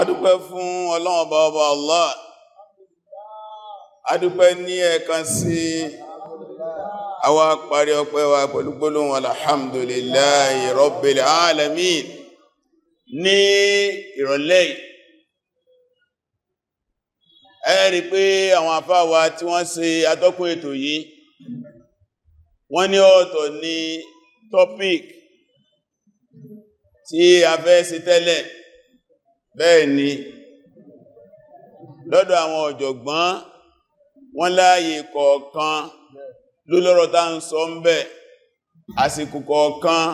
adúpẹ́ fún ọlọ́run ọba ọba Allah adúpẹ́ ní ẹ̀kan sí àwa parí ọpẹ́ wa pẹ̀lú gbólóhùn alhamdulillahi rabbil alamin ní ìrọ̀lẹ́ ẹ rí pé àwọn afáwa tí wọ́n ṣe atọ́kùn ètò yìí wọ́n ní ọ̀tọ̀ ní topic tí a fẹ́ sí tẹ́lẹ̀ bẹ́ẹ̀ni lọ́dọ̀ àwọn ọ̀jọ̀gbọ́n wọ́n láàyè kọ̀ọ̀kan ló lọ́rọ̀ tá ń sọ àsìkò kọ̀ọ̀kan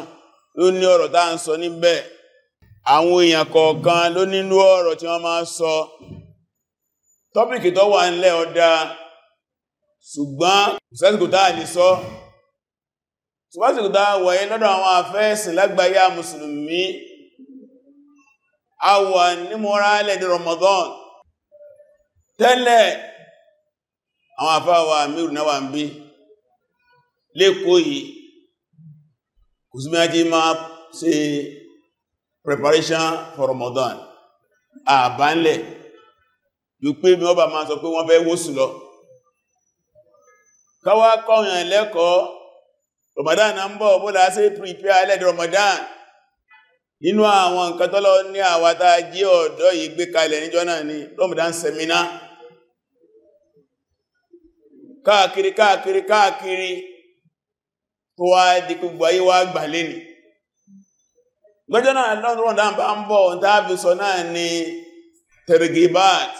ló ní ọ̀rọ̀ tá ń níbẹ̀ àwọn èèyàn kọ̀ọ̀kan ló ní ọ̀rọ̀ tí wọ́n máa sọ tọ́pìkì tó wà ńlẹ̀ ọ̀dá ṣùgbọ́n sẹ́sìkò lè ṣùgbọ́n lọ́dọ̀ àwọn lágbàáyà a wà ní mọ́rálẹ̀ ní Ramadan tẹ́lẹ̀ àwọn àfáwà mírù náà wà ń bí lẹ́kọ́ yìí kò sí méjì máa ṣe preparation for Ramadan àbánlẹ̀ yìí pé mi ọba máa sọ pé wọ́n fẹ́ wóṣù lọ káwàá kọ́yàn lẹ́kọ́ Ramadan náà ń bọ̀ bó láti prepare lẹ́dẹ̀ Ramadan nínú àwọn nǹkan tọ́lọ ní àwátá jí ọ̀dọ́ yìí gbé kalẹ̀ níjọ́ náà ni Ramadan seminar káàkiri káàkiri káàkiri tó wá di gbogbo ayé wá gbà lẹ́ni lọ́jọ́ náà lọ́dún Ramadan bá ń ni tergibat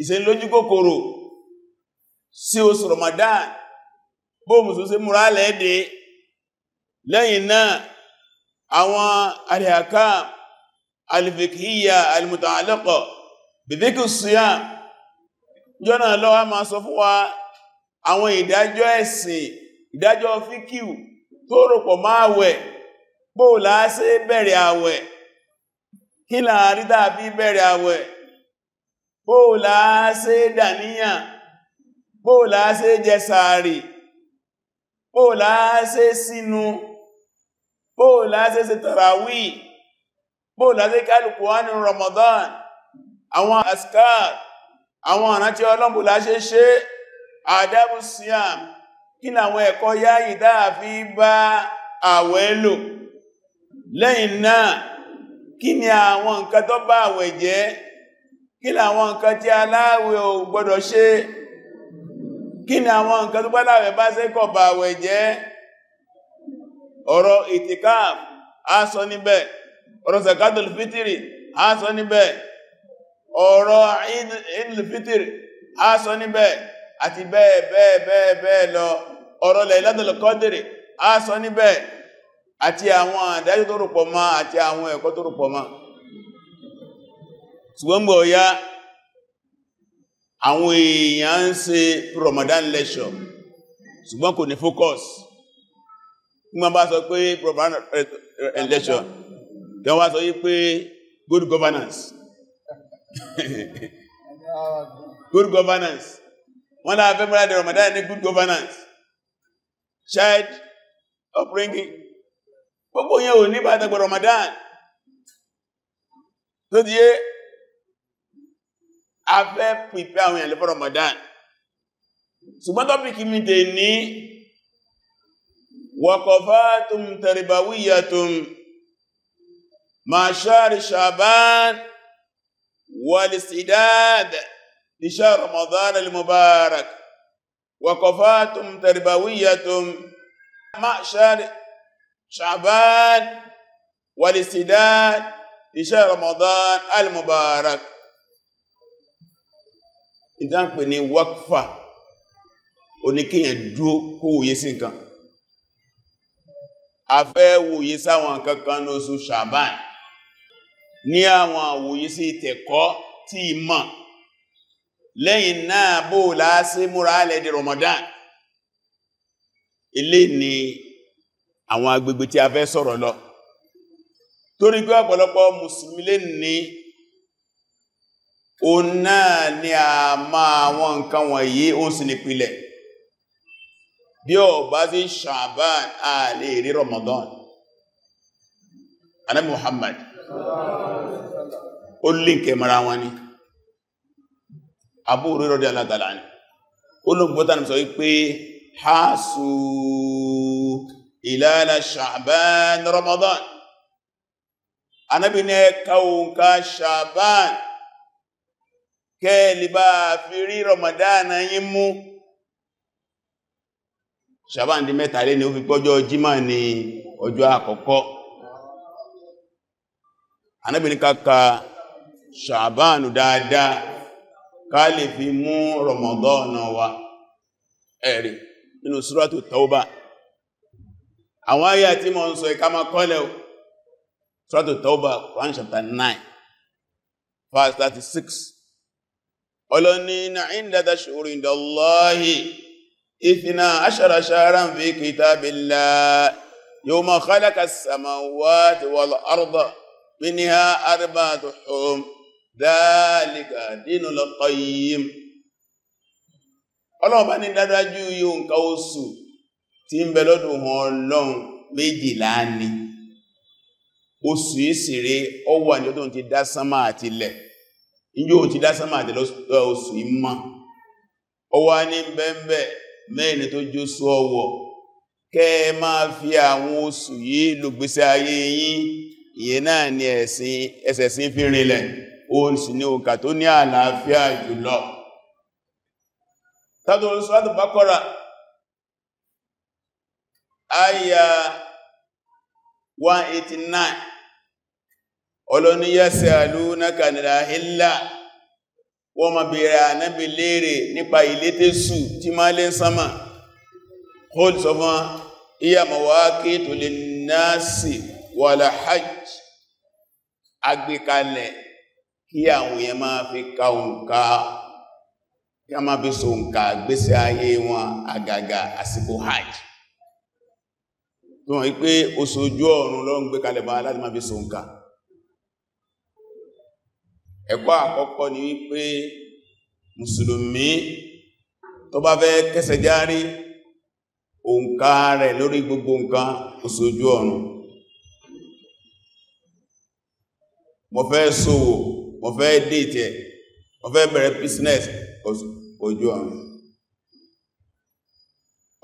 ìṣẹ́ lójú kòkòrò sí oṣù Ramadan bó mùsùn sí àwọn àríhàká alìfikíyà alìmùtàlẹ́kọ̀ bìdíkù síyà jọ́nà lọ́wà ma sọ fún wa àwọn ìdájọ́ ẹ̀sìn ìdájọ́ fíkíù tó rọ̀pọ̀ máa wẹ̀ bó láásẹ́ bẹ̀rẹ̀ àwẹ̀ kí láàrí dàbí bẹ̀rẹ̀ àwẹ̀ bó láásẹ́ dàníyàn bó láásẹ́ jẹ sàárì bó láásẹ́ sínú bóò láti ṣe tàràwí bóò láti kálùkù wá ní Ramadan àwọn askar àwọn àrántí ọlọ́mbù láṣe ṣe àdábù siam kí làwọn ẹ̀kọ́ yáyì dáa fi bá àwẹ̀ lò lẹ́yìn náà kí ni àwọn nǹkan tó bá àwẹ̀ jẹ́ kí làwọn nǹkan tí aláwẹ̀ ò gbọ́dọ̀ ṣe kí ni àwọn nǹkan tó bá láwẹ̀ bá ṣe bá àwẹ̀ jẹ́ ọ̀rọ̀ itikaf a sọ níbẹ̀ ọ̀rọ̀ zakatul fitiri a sọ níbẹ̀ ọ̀rọ̀ idul fitiri a sọ níbẹ̀ àti bẹ́ẹ̀ bẹ́ẹ̀ bẹ́ẹ̀ bẹ́ẹ̀ lọ ọ̀rọ̀ Laylatul Qadri a sọ níbẹ̀ àti àwọn àdájọ́ tó rùpọ̀ ma àti àwọn ẹ̀kọ́ tó rùpọ̀ ma ṣùgbọ́n kò ní focus wọ́n bá sọ pé proper eh, eh, election tí wọ́n bá sọ pé good governance good governance wọ́n láà fẹ́ mọ́lá dẹ̀rọ̀ ní good governance child upbringing gbogbo yẹn ò ní bá tẹ́gbẹ̀ Ramadan tó di yé a fẹ́ pìpẹ́ àwọn ìyànlẹ́fẹ́ Ramadan ṣùgbọ́n tọ́pìkì mi dè ní وقفاتم تربوية ما شهر شعبان والاستعداد لشهر رمضان المبارك وقفاتم تربوية ما شهر شعبان والاستعداد لشهر رمضان المبارك إذا كنت وقفة ونكي dúó كو يسين كان a fẹ́ wòye sáwọn kankan ní oṣù ṣàbán ní àwọn àwòye sí ìtẹ̀kọ́ tí ìmọ̀ lẹ́yìn náà bó láásí múra lẹ́dì Ramadan ilé ni àwọn agbègbè tí a fẹ́ sọ̀rọ̀ lọ torí pé ọ̀pọ̀lọpọ̀ mùsùlùmí lè ní o náà ni a máa àwọn nǹkan wọ̀nyí ó sì nípìlẹ̀ bí ọ bá sí ṣàbán a lè rí Ramadan anábi Muhammad ó línkẹ mara wọn ni Abu Hurairah rọ́dí alátàlá ni olùgbọ́ta ni sọ wípé hasu ìlàlá ṣàbán Ramadan anábi ní ẹkàunká ṣàbán kẹ́ẹ̀lì bá fi rí Ramadan yí mú ṣàbáǹdí mẹ́ta lé ní ó fi gbọ́jọ́ jímà ní ọjọ́ àkọ́kọ́ anábìnrin kaka ṣàbáànù dáadáa ká lè fi mú wa ẹ̀rí nínú súrọ́tù tọ́ọ́bà àwọn ayé àti mọ̀ ń sọ ìká máa kọ́lẹ̀ súrọ́tù tọ́ọ́bà 1 chapter 9 verse 36 ọlọ́ni na ìndàdà اثنا عشر شهرا في كتاب الله يوم خلق السماوات والأرض منها أربعة حرم ذلك دين القيم ọlọ́run bá ní dádájú yóò nǹkan oṣù tí ń bẹ lọ́dún ọlọ́run méjìlá ní oṣù ìsìnrẹ́ ọwà ní ọdún ti dá sánmà àti ilẹ̀ ìjọ́ ti dá mẹ́rin tó jó sú kem kẹ́ fi àwọn oṣù yìí lògbésí ayé yín ìyẹn náà ni ẹ̀sẹ̀sìn fi rinlẹ̀ oṣù ní òkà tó ní àlàáfíà jùlọ tàbí Sūratu wọ́n ma bèèrè ànábì léèrè nípa ìlétésù tí máa lé sánmà hold sọfán iya mawaqitu linnasi wala hajj agbékalẹ̀ kí àwọn èèyàn máa fi ka òǹkà kí a máa fi so òǹkà gbésí ayé wọn àgàgà àsìkò hajj tó wọ́n wípé oṣù ọ̀run lọ́n gbékalẹ̀ bá láti máa fi so òǹkà ẹ̀kọ́ àkọ́kọ́ ni wípé mùsùlùmí tó bá fẹ́ kẹsẹ̀ járí òǹkà rẹ̀ lórí gbogbo nǹkan òṣòjú ọ̀nà mo fẹ́ ṣòwò mo fẹ́ dìtẹ̀ mo fẹ́ bẹ̀rẹ̀ business ojú ọ̀nà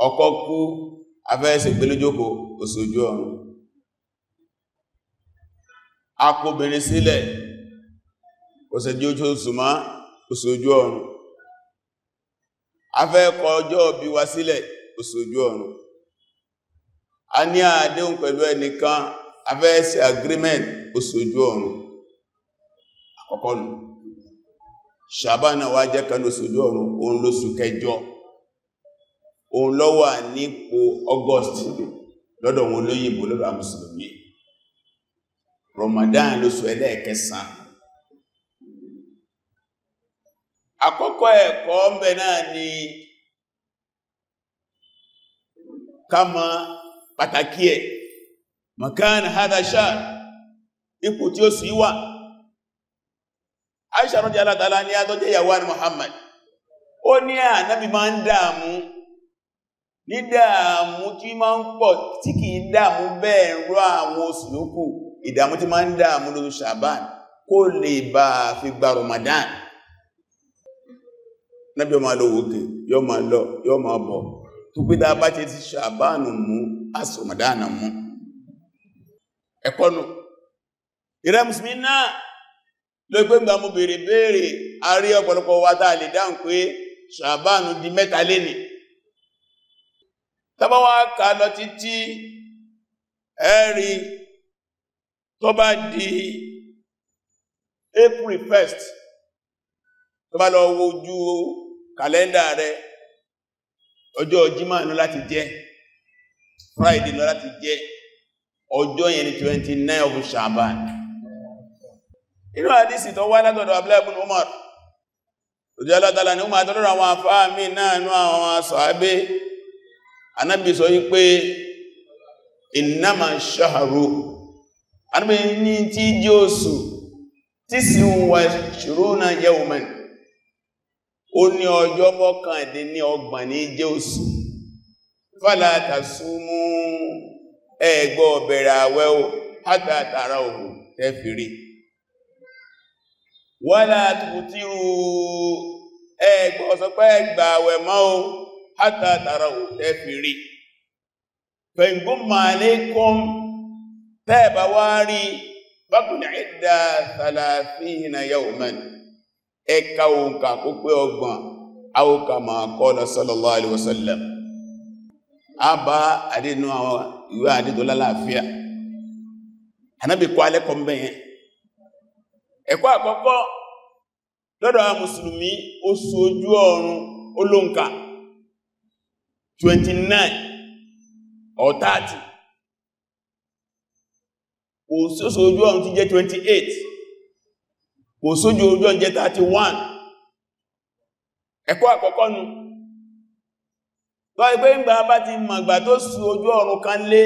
ọkọ kú ọ̀sẹ̀ ojú oṣù máa ọ̀run a fẹ́ kọ ọjọ́ bí wa sílẹ̀ ọ̀run a ní àdéhùn pẹ̀lú ẹnìkan a fẹ́ ṣe agreement oṣù ọ̀run àkọ́kọ́ nù ṣàbánà wá jẹ́ kan ọ̀run òun kẹjọ òun ló wà nípò August lọ́dọ̀ wọn lọ́dọ̀ àmùsùlùmí Ramadan àkọ́kọ́ ẹ̀kọ́ ọmọbẹ̀ náà ni ká mọ pàtàkì ẹ̀ mọ̀kán hadasha ipò tí ó sì wà Aisha rọ́jẹ́ alátàlá ní àtọ́jẹ́ ìyàwó àni Muhammad ó ní ànábì máa ń dààmú ní dààmú tí máa ń pọ̀ tí kìí dààmú bẹ́ẹ̀ rọ àwọn oṣù lókù tí máa ń dààmú lóṣù Ṣàbán kó lè bá fi gba Ramadan nábí ọmọ lọ òkè yọ ma lọ yọ ma bọ̀ tó gbé dáa bá ti ti ṣàbánù mú asọ̀mọ̀dánà mú ẹ̀kọ́nù ìrẹ́ musulmi náà ló gbé ń gbà mú bèèrè ọ̀pọ̀lọpọ̀ wa tàà lè dáhùn pé ṣàbánù di mẹ́ta lénì tọ́bá wá ká lọ títí ẹ̀rí tó bá di April 1st tó bá lọ wo ojú kàlẹ́ndà rẹ ọjọ́ jima ní láti jẹ́ friday ní láti jẹ́ ọjọ́ yẹn ni 29 of shaban inú àdísì tó wá látọ̀dọ̀ abúlẹ́bùn umar òjò alátàlá ni umar tọ́lọ́rọ̀ àwọn afáà náà anábì sọ wípé ìnáma yawman ó ní ọjọ́ mọ́kàndín ní ọgbọ̀n ní jẹ́ oṣù fàlàtà súnmú ẹgbọ́ ọ̀bẹ̀rẹ̀ àwẹ́ o hátàtàrà òhù tẹ́fìrí wọ́lá tùtírù ẹgbọ́ ọ̀sọ̀pẹ́ ẹgbà àwẹ̀ mọ́ o hátàtàrà òhù tẹ́fìrí fẹ̀ngún màálẹ́kún tẹ́ẹ̀bà wá bákùnrin ẹka òǹkà kó pé ọgbọ̀n àwòkà máa kọ́lọ sallallahu alaihi wasallam a bá àdínú àwọn ìwé àdídò lálàáfíà Ànábì kọ́ alẹ́kọ̀ọ́ mẹ́yẹn ẹ̀kọ́ àkọ́kọ́ lọ́dọ̀ àwọn mùsùlùmí ó sojú ọ̀run olóǹkà 29 or 30 ó sojú ọ̀run ti jẹ́ 28 kò sójú ojú ọjẹ́ 31 ẹ̀kọ́ àkọ́kọ́ nù tọ́ ipé ń gba bá ti mọ̀gbà tó sù ojú ọ̀run kan lé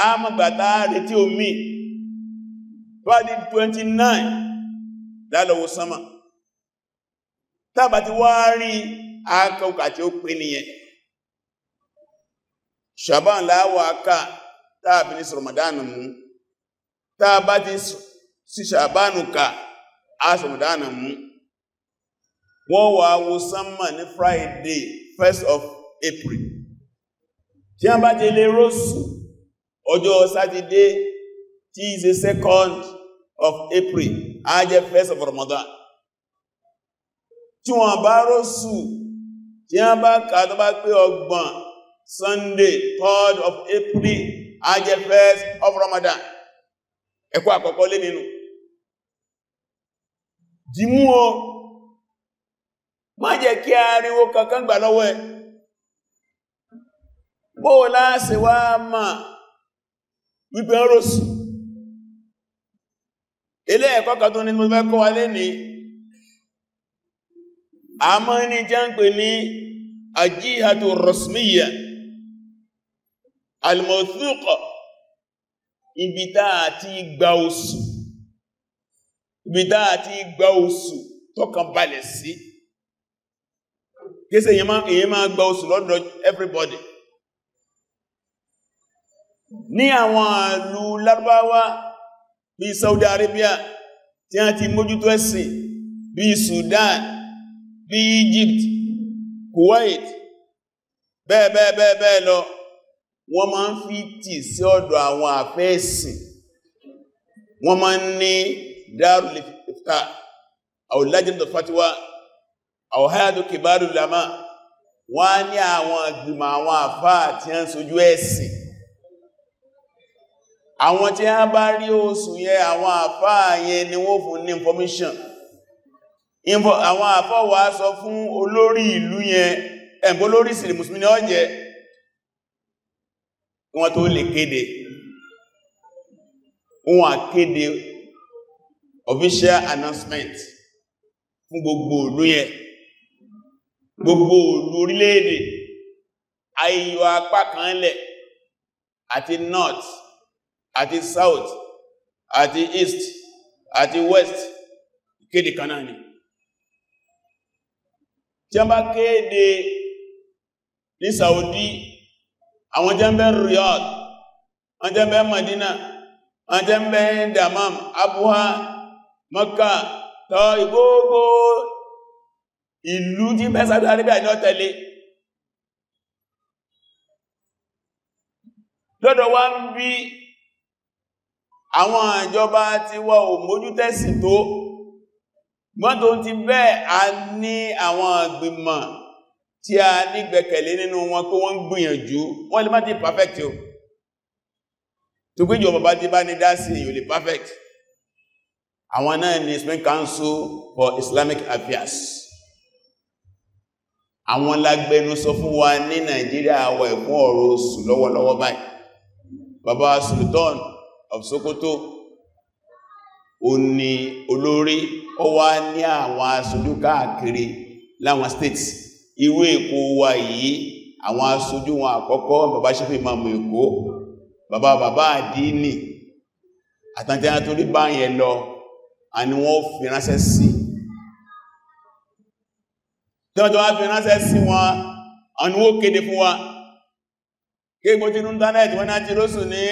a mọ̀gbà táà omi tọ́dí 29 lálọ́wọ́ sánmà tàbà ti wá rí akọ́kà tí ó pè nìyẹn ṣàbán láwọ́ aká tàbí ní Ramadan mú tàbá ti sí ṣàbánù ká a ṣàmùdánà mú wọ́n wà wo sánmà ní Friday 1st of April tí a bá jẹ lè rọ́sù ọjọ́ sátidé tí í ṣe 2 of April a jẹ 1st of Ramadan tí wọ́n bá rọ́sù tí a bá kà bá pé ọgbọ̀n Sunday 3rd of April a jẹ 1st of Ramadan ẹ̀kọ́ àkọ́kọ́ lé nínú dìmú o má jẹ́ kí ariwo kankan gbà lọ́wọ́ ẹ̀ bó láàṣẹ wá máa wípé ọ́rọ̀sù ilé ẹ̀kọ́ kan tó ní mo kọ́ wa lé ní a mọ́ ní jẹ́ ní àjíhàtò rọ̀smíyà almọ̀súkọ̀ ibi táà ti gba oṣù ibi tá a ti gba oṣù tọkàn balẹ̀ sí kése èyàn máa gba oṣù lọ́dọ̀ everybody ní àwọn ìlú Lárúbáwá bí Saudi Arabia tí a ti mójútó ẹ̀sìn bí Sudan bí Egypt Kuwait bẹ́ẹ̀ bẹ́ẹ̀ bẹ́ẹ̀ bẹ́ẹ̀ lọ wọ́n máa ń fi tì sí ọ̀dọ̀ àwọn àfẹ́ẹ̀sìn wọ́n máa ń ní darul ifta aw lajnat fatwa aw hadu kibarul ulama wọ́n ní àwọn ìgbìmọ̀ àwọn àfáà tí a ń sojú ẹ̀sìn àwọn tí a bá rí oṣù yẹ àwọn àfáà yẹn ni wọ́n fún ní information àwọn àfáà wá sọ fún olórí ìlú yẹn ẹ̀mbó lórí sí mùsùlùmí ni ó jẹ́ tó lè kéde wọ́n kéde official announcement fún gbogbo ìlú yẹn gbogbo ìlú orílẹ̀-èdè ayíyọ apá kan lẹ̀ àti north àti south àti east àti west kéde kan náà ni tí a bá kéde ní Saudi àwọn jẹ́mbẹ̀ Riyadh àwọn jẹ́mbẹ̀ Madina àwọn jẹ́mbẹ̀ Damam Abuha mọ́kà tọ́ ìgbógbó ìlú tí mẹ́sàdá níbẹ̀ ní ọ̀tẹ̀lé lọ́dọ̀ wá ń bí àwọn ìjọba ti wọ́ ò mójútẹ́sì tó mọ́tò ti bẹ́ẹ̀ a ní àwọn ìgbìmọ̀ tí a ní gbẹ́kẹ̀lé nínú wọn kó wọ́n gbìyànjú wọ́n lè má ti perfect o tó gbéjọba bá ti bá ní dá sí èyàn lè perfect àwọn náà ni Islamic Council for Islamic Affairs àwọn lágbẹnusọ fún wa ní Nàìjíríà wọ ẹ̀kún ọ̀rọ̀ oṣù lọ́wọ́lọ́wọ́ báyìí bàbá Sultan of Sokoto ó ní olórí ó wá ní àwọn aṣojú káàkiri láwọn states irú Èkó wa yìí àwọn aṣojú wọn àkọ́kọ́ Baba Ṣẹ́fì Ìmáàmù Èkó bàbá bàbá àdínì àtàntẹ́ àtúrí báyẹn lọ a ni wọ́n fi ránṣẹ́ sí tọ́jọ́ wá fi ránṣẹ́ sí wọn àníwó kéde fún wa kí gbọ́ tí internet wọ́n náà ti lóṣù ní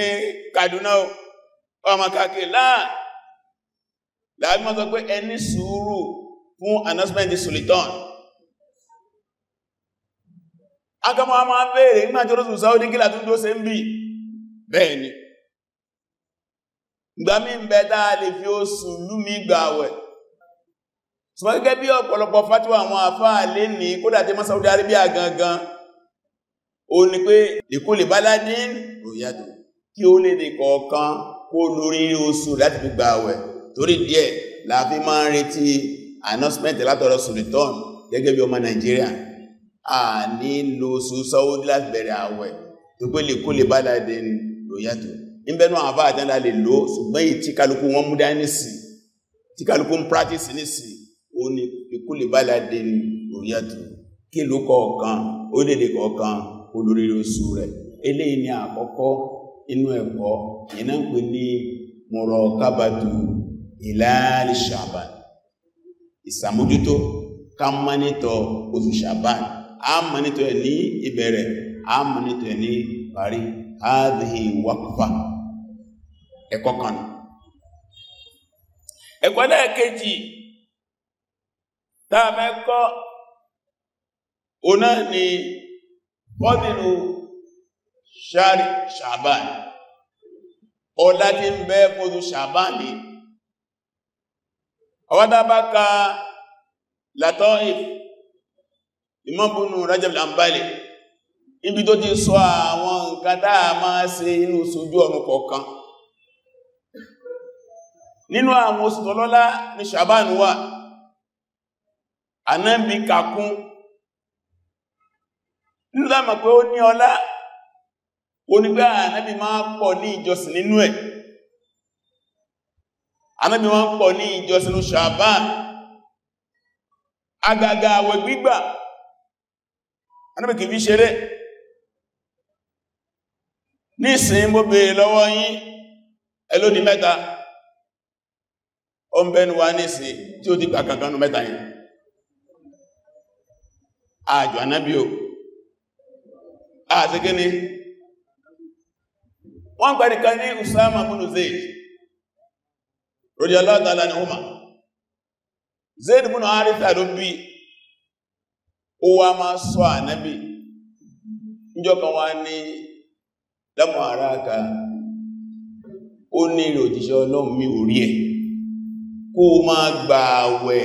Kaduna ọmọ kàkì láà láàrín mọ́ sọ pé ẹni sùúrù fún announcement sultan akamọ́ a máa bèèrè nígbàtí olóṣù Saudi kílà tún dó se ń bí bẹ́ẹ̀ ni ìgbà mí ń bẹ dáa lè fi oṣù lúmi gbà wẹ̀ ṣùgbọ́n gẹ́gẹ́ bí ọ̀pọ̀lọpọ̀ fátíwà àwọn àfáà lè ní kódà tí mọ́ Saudi Arabia gangan ó ní pé ìkú lè bá ládín òyàdò kí ó lè lè kọ̀ọ̀kan kó lórí oṣù láti fi gbà wẹ̀ torí díẹ̀ la fi máa ń retí announcement látọ̀rọ̀ sultan gẹ́gẹ́ bí ọmọ Nàìjíríà a ní lo oṣù Saudi láti bẹ̀rẹ̀ àwẹ̀ tó pé lè kó lè bá ládín òyàdò ìbẹ̀nú àwọn àfáà tẹ́lá lè lò ṣùgbọ́n èyí tí kálukú wọn mú dání sí tí kálukú ń practice ní sí ó ní ikú lè bá ládé ní òyàtò kí ló kọ̀ọ̀kan ó lèdè kọ̀ọ̀kan olórí oṣù rẹ̀ eléyìí ni àkọ́kọ́ inú ẹ̀kọ́ iná ń pè ní mọ̀rọ̀ kábàtù ìlàlì ṣàbàn ìsàmójútó ká mánítọ̀ oṣù ṣàbàn a mánítọ̀ ẹ̀ ní ìbẹ̀rẹ̀ a mánítọ̀ ẹ̀ ní parí هذه وقفة ẹ̀kọ́ kan ẹ̀kọ́ náà kejì tá a fẹ́ kọ́ òun náà ni fọ́dìlù ṣáàrì ṣàbáàni ọlá tí ń bẹ fóòdù ṣàbáàni ọwádábáka látọ́if ìmọ́bùnú rajab lambali ibi tó ti sọ àwọn nǹkan tá a máa ṣe inú sójú ọ̀run kọ̀ọ̀kan nínú àwọn oṣù tọ́lọ́lá ní ṣàbánù wà anábi kàkún nínú láàmà pé ó ní ọlá onígbà anábi máa pọ̀ ní ìjọsìn nínú ẹ̀ anábi máa pọ̀ ní ìjọsìn ní ṣàbánù agaga àwẹ̀ gbígbà anábi kìí fi ṣeré nísìn bó bèèrè lọ́wọ́ yín ẹlódì mẹ́ta ó ń ní sí tí ó ti gbà kankan nù mẹ́ta yìí àjò ànábí o gíní wọ́n gbẹ̀rẹ̀ nìkan ní Usama múnú Zaid radiyallahu ta'ala anhuma Zaid múnú àrífà ló bí ó wá máa sọ ànábí níjọ́kan wá ní lọ́mọ̀ àráka ó ní ìròjìṣẹ́ mi ò kó o máa gba àwẹ̀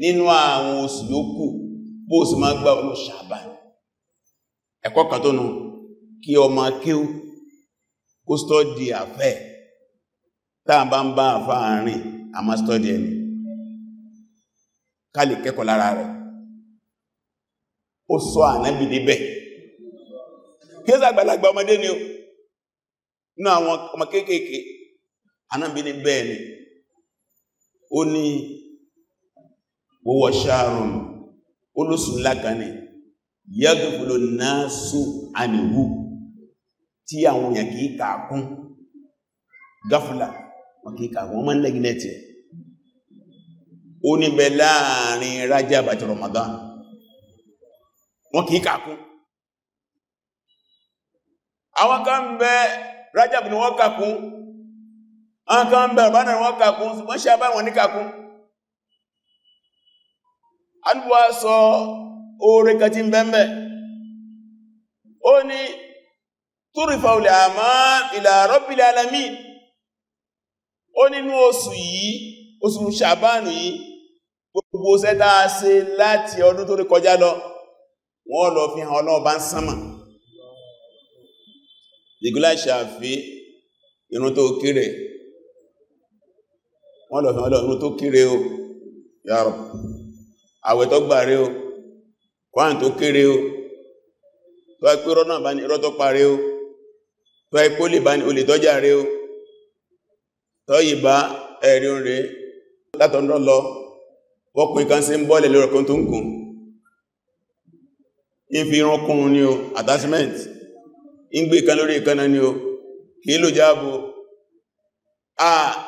nínú àwọn oṣù yòókù bó o sì máa gba ọmọ ṣàbá ẹ̀kọ́ kan tó nù kí ọmọ kéwú kó stọ́dì àfẹ́ táà bá ń bá àfá àárín àmá stọ́dì ẹni ká lè kẹ́kọ̀ọ́ lára rẹ̀ ó sọ ànábì níbẹ̀ kí ó sàgbàlagbà ọmọdé ni ó nínú àwọn ọmọ ànábì ni ó ní wọ́wọ́ ṣáàrùn olóṣù náà só ànìwú tí àwọn èèyàn kìí kàákún gáfùlà wọn kìí kàákún wọ́n mọ́ ó ní bẹ láàrin Rajab àti Ramadan wọn kìí kàákún àwọn kan bẹ Rajab ni wọ́n kàákún aka ń bẹ̀rẹ̀ bá náà wọ́n kàkún ṣùgbọ́n ṣe àbáwọn ní kàkún alúwà sọ oore kàtí bẹ́m̀bẹ̀ ó ní túrìfà olè àmá ìlà rabbil alamin ó nínú oṣù yìí oṣù ṣàbánù yìí gbogbo sẹ́ta ṣe láti ọdún tó rí kọjá lọ wọ́n lọ fi hàn ọlọ́ọ̀bá ń sánmà ìgúlá ìṣàfí tó kéré wọ́n lọ fi wọ́n lọ irú tó kéré o yàrọ̀ àwẹ̀ tó gbà rí o kwan tó kéré o tó ẹ̀pẹ́ rọ́ náà bá ní irọ́ tó parí o tó ẹ̀pẹ́ olè bá ní olè tọ́jà rí o tó yìí bá ẹ̀rí oúnjẹ látọ̀ndọ́ lọ wọ́pin kan sí ń bọ́ọ̀lẹ̀ lórí ọkùn tó ń o attachment ń gbé kan lórí ìkanna ní o ah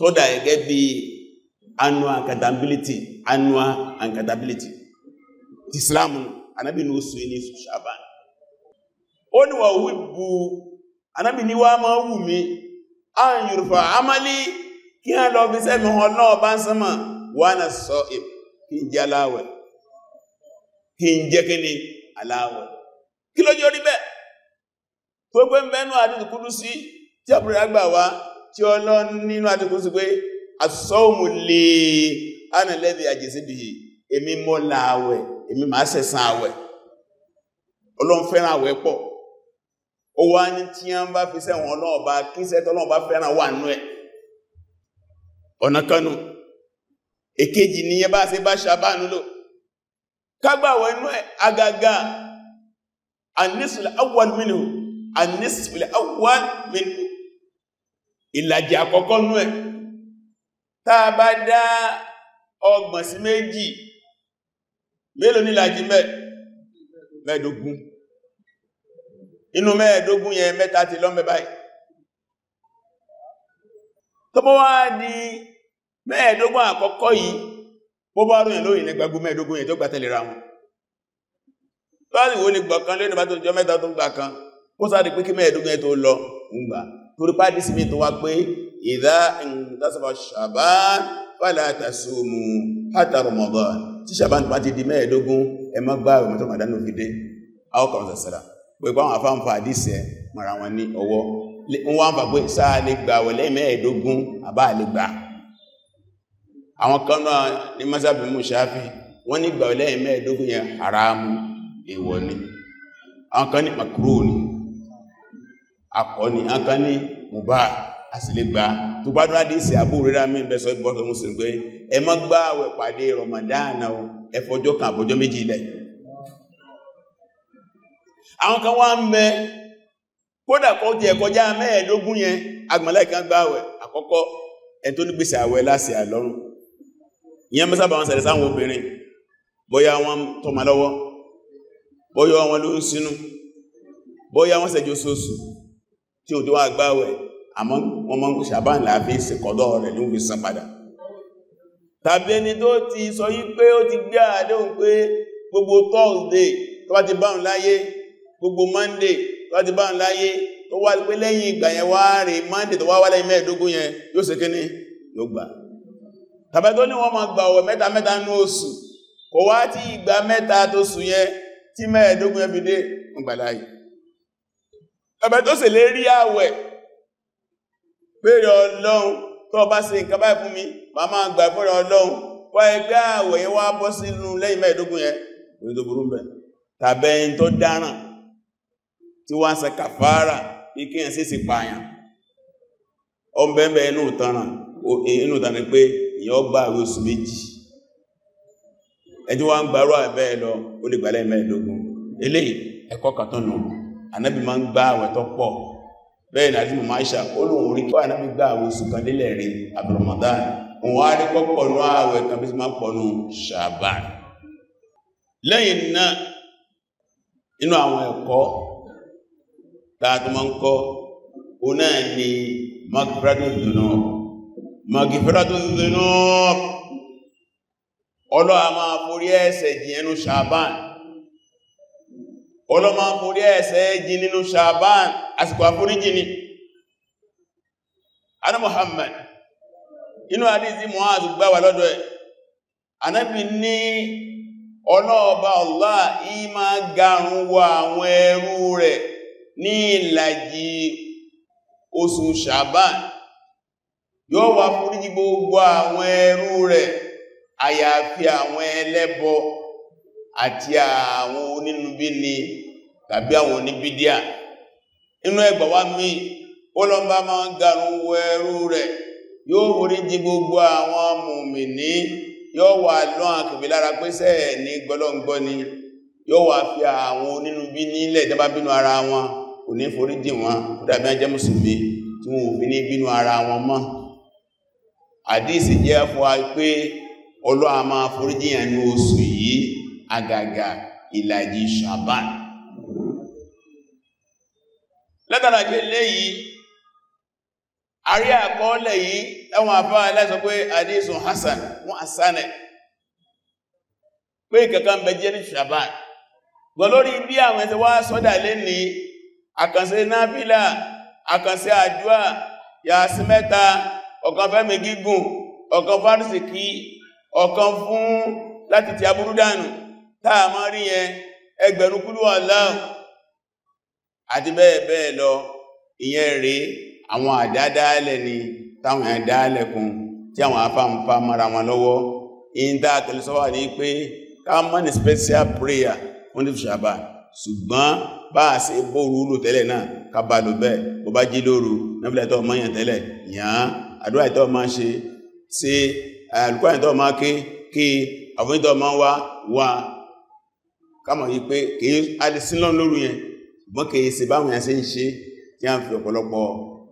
tó dà gẹ́gẹ́ bí annual accountability annual accountability ti Islam anábì ní oṣù ní oṣù Ṣàbán ó ní wà wíbu anábì ní wá máa wù mí ààrùn yorùbá amálí kí á lọ bí sẹ́mi hàn náà bá ń sánmà wà na sọ ìp kí n jẹ́ aláwẹ̀ kí n ń bẹ́nu àdìsí sí tí àbúrẹ́ àgbà wá tí ọlọ́n nínú àtìkún sí pé asọ́ọ̀mù lè ánàlẹ́bì àjẹsíbìyì èmi mọ́ láàwẹ̀ èmi máa sẹ̀sán àwẹ̀ ọlọ́n fẹ́ràn àwẹ̀ pọ̀ ó wá ní tí a ń bá fi sẹ́wọ̀n ọlọ́run bá kí sẹ́tọ́ ọlọ́run bá fẹ́ràn wà nú ẹ̀ ọ̀nà kanú èkejì ní ẹbá sí bá ṣàbánu lò kágbàwọ̀ inú ẹ̀ agaga anísìlẹ̀ awwal minhu anísìlẹ̀ awwal minhu ìlàjì àkọ́kọ́ nú ẹ̀ táa bá dá ọgbọ̀n sí méjì mélòó ní ìlàjì mẹ́ẹ̀dógún inú mẹ́ẹ̀dógún yẹn mẹ́ta ti lọ́mẹ́ báyìí tó bọ́ wá di mẹ́ẹ̀dógún àkọ́kọ́ yìí bó bá ròyìn lóyìn ní gbagbo mẹ́ẹ̀dógún yẹn tó gbà tẹ́lẹ̀ ra wọn báyìí wo ni gbọ̀kan lónìí bá tó jọ mẹ́ta tó gbà kan ó sáré pé kí mẹ́ẹ̀dógún yẹn tó lọ ń gbà torí pàdé sí mi tó wá pé ìdá ìdásọ́fà ṣàbán fàlà àtàṣòmù hátà Ramadan tí ṣàbán tó ti di mẹ́ẹ̀ẹ́dógún ẹ má gbá àwọn tó màdánù fi dé àwọn sàṣàrà pé báwọn afáǹfà àdíṣẹ́ mara wọn ní ọwọ́ wọ́n wá ń fà pé sáà lè gbà wọlé mẹ́ẹ̀ẹ́dógún àbá lè gbà àwọn kan náà ní mọ́sábì mú ṣááfì wọ́n ní gbà wọlé mẹ́ẹ̀ẹ́dógún yẹn haramu èèwọ̀ ni àwọn kan ní makruh akọni akani mùbá àsìlégbà tó bá dúrà dìísì àbú rírá mí bẹ́ sọ ìbọ́sọ̀ mú sí pé ẹ má gbá àwẹ̀ pàdé Ramadan o ẹ fọjọ́ kan àbọ̀jọ́ méjì ilẹ̀ àwọn kan wá ń bẹ kódà kọ́ ti ẹ̀kọjá mẹ́ẹ̀ẹ́dógún yẹn agbọ̀nlẹ̀ kan gbá àwẹ̀ àkọ́kọ́ ẹ tó ní gbèsè àwẹ̀ láṣẹ àlọ́run ìyẹn mẹ́sà bá wọn sẹ̀rẹ̀ sáwọn obìnrin bóyá wọn tọ́mọ lọ́wọ́ bóyá wọn ló ń sinú bóyá wọn sẹ̀jọ́ sóòsù tí ò tó wá gbáwẹ̀ àmọ́ wọ́n mọ́ ń ṣàbá ńlá fi ṣèkọ́dọ̀ rẹ̀ ló fi san padà tàbí ẹni tó ti sọ yí pé ó ti gbé àdéhùn pé gbogbo Thursday tó bá ti báhùn láyé gbogbo Monday tó bá ti báhùn láyé tó wá pé lẹ́yìn ìgbà yẹn wá rè Monday tó wá wá lẹ́yìn mẹ́ẹ̀ẹ́dógún yẹn yóò ẹ̀bẹ̀ tó sì lè rí àwẹ̀ pèrè ọlọ́run tó bá ṣe nǹkan báyìí fún mi ma máa gbà fẹ́rẹ̀ ọlọ́run wá ẹgbẹ́ àwẹ̀ yẹn wá bọ́ sínú lẹ́yìn mẹ́ẹ̀dógún yẹn orí tó burú bẹ̀ tàbẹ́ ẹni tó dáràn tí wá ń ṣe kàfàárà ní inú ìtanràn inú ìtanràn ń àbẹ́ eléyìí ẹ̀kọ́ anábì máa ń gba àwẹ̀ tó pọ̀ bẹ́ẹ̀ ni àti mọ̀má Aisha ó lóun rí kọ́ anábì gba àwẹ̀ oṣù kan délẹ̀ rí abdulmadan òun á rí kọ́ pọ̀nù àwẹ̀ kan bí ti máa ń pọ̀nù Shaban lẹ́yìn náà inú àwọn ẹ̀kọ́ tààtù máa ń kọ́ o náà ni magifradun dùnà magifradun dùnà ọlọ́ a máa forí ẹ̀ṣẹ̀ jì ẹnu Shaban ọlọ́mọ àforí ẹ̀ṣẹ̀ jì nínú ṣàbán àsìkò àforíjì ni ana Muhammad inú àdízi Mu'az gbà lọ́dọ̀ ẹ̀ anábì ní ọlọ́ọ̀bá Allah ìmá garun wa àwọn ẹrú rẹ̀ ní ìlàjì oṣù ṣàbán yóò wá ní gbogbo àwọn ẹrú rẹ̀ àyàfi àwọn ẹlẹ́bọ àti àwọn tàbí àwọn oníbídíà inú ẹgbà wá mí ó lọ bá máa ń garun wọ ẹrú rẹ̀ yóò forí jí gbogbo àwọn mùmìní yóò wà lọ́n àkèbè lára pé sẹ́ẹ̀ ní gbọ́lọ́ngbọ́ ni yóò wà fi àwọn onínúbí nílẹ̀ ìjọba bínú ara wọn kò ní forí jì wọn ó dàbí ajẹ́ mùsùlùmí tí wọn ò fi ní bínú ara wọn mọ́ àdíìsì jẹ́ fún wa pé Ọlọ́run máa forí jìyàn ní oṣù yìí àgàgà ìlàjì Ṣàbán látara pé léyìí àrí àkọọ́lẹ̀ yìí ẹwọn àbá aláìsọ pé àdísùn hassan wọn àsánẹ̀ pé ìkẹ̀kọ́ ń bẹjẹ́ ní ṣàbán gbọ́ lórí bí àwọn wá sọ́dà lé ní àkànṣe náàbílà àkànṣe àdúà yàásí mẹ́ta ọ̀kan fẹ́mi gígùn ọ̀kan fárísìkí ọ̀kan fún láti ti aburú dànù rí yẹn kúlú àti bẹ́ẹ̀ bẹ́ẹ̀ lọ ìyẹn rí àwọn àdádálẹ̀ ni táwọn àdádálẹ̀kùn tí àwọn afáǹfà mara wọn lọ́wọ́ in dá àkẹlẹsọ́wà ní pé common special prayer fún ní ṣàbà ṣùgbọ́n bá a ṣe bóòrú lò tẹ́lẹ̀ náà kaba lò bẹ́ẹ̀ bó bá jí lóru náfílẹ̀ tó máa yàn tẹ́lẹ̀ yàn àdúrà tó máa ṣe ṣe àlùkọ́ tó máa ké kí àfúnjẹ́ tó wá wá kámọ̀ yí pé kìí adìsínlọ́n lóru yẹn bọ́n kìí ṣe báwọn yẹn ṣe ń ṣe tí a ń fi ọ̀pọ̀lọpọ̀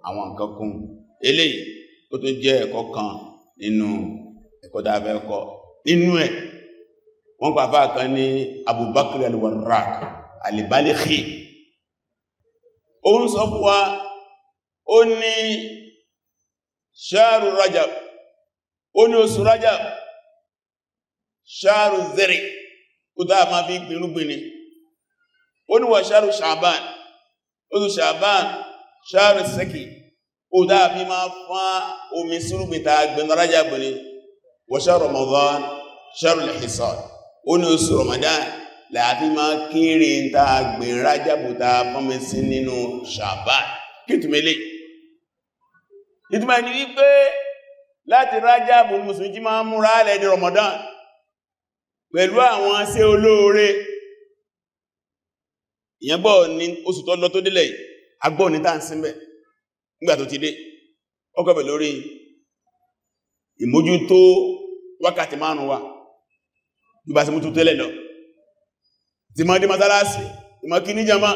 àwọn nǹkan kún eléyìí ó tún jẹ́ ẹ̀kọ́ kan nínú ẹ̀kọ́ tá a fẹ́ kọ́ nínú ẹ̀ wọ́n pa àfáà kan ní Abubakar al-Warraq ó ń sọ fún wa ó ní ṣáàrù Rajab ó ní oṣù Rajab ṣáàrù zẹ́rì ó dáa máa fi gbìnrúgbìn ni ó ní wà ṣáàrù ṣàbán oṣù ṣàbán ṣáàrù sẹ́kì ó dábí máa fán omi sírùgbìta gbẹ̀nàrájá bìnrin wà ṣáàrù Ramadan ṣáàrù lẹ́hìsàn ó ní oṣù Ramadan láti máa kéré ta gbẹ̀nàrájá bùta fọ́mẹsí nínú ṣàbán kìtùmẹ́lẹ̀ ìtumọ̀ ni wípé láti rájá bùn mùsùlùmí jí máa múra lẹ́dí Ramadan pẹ̀lú àwọn ṣe olóore ìyẹn ni ní oṣù tó lọ tó délẹ̀ ní tá ń sínbẹ̀ nígbà tó ti dé ọkọ̀ bẹ̀ lórí ìmójútó wákàtí márùn wa nígbà sí mú tó tẹ́lẹ̀ lọ ti máa dé ní jama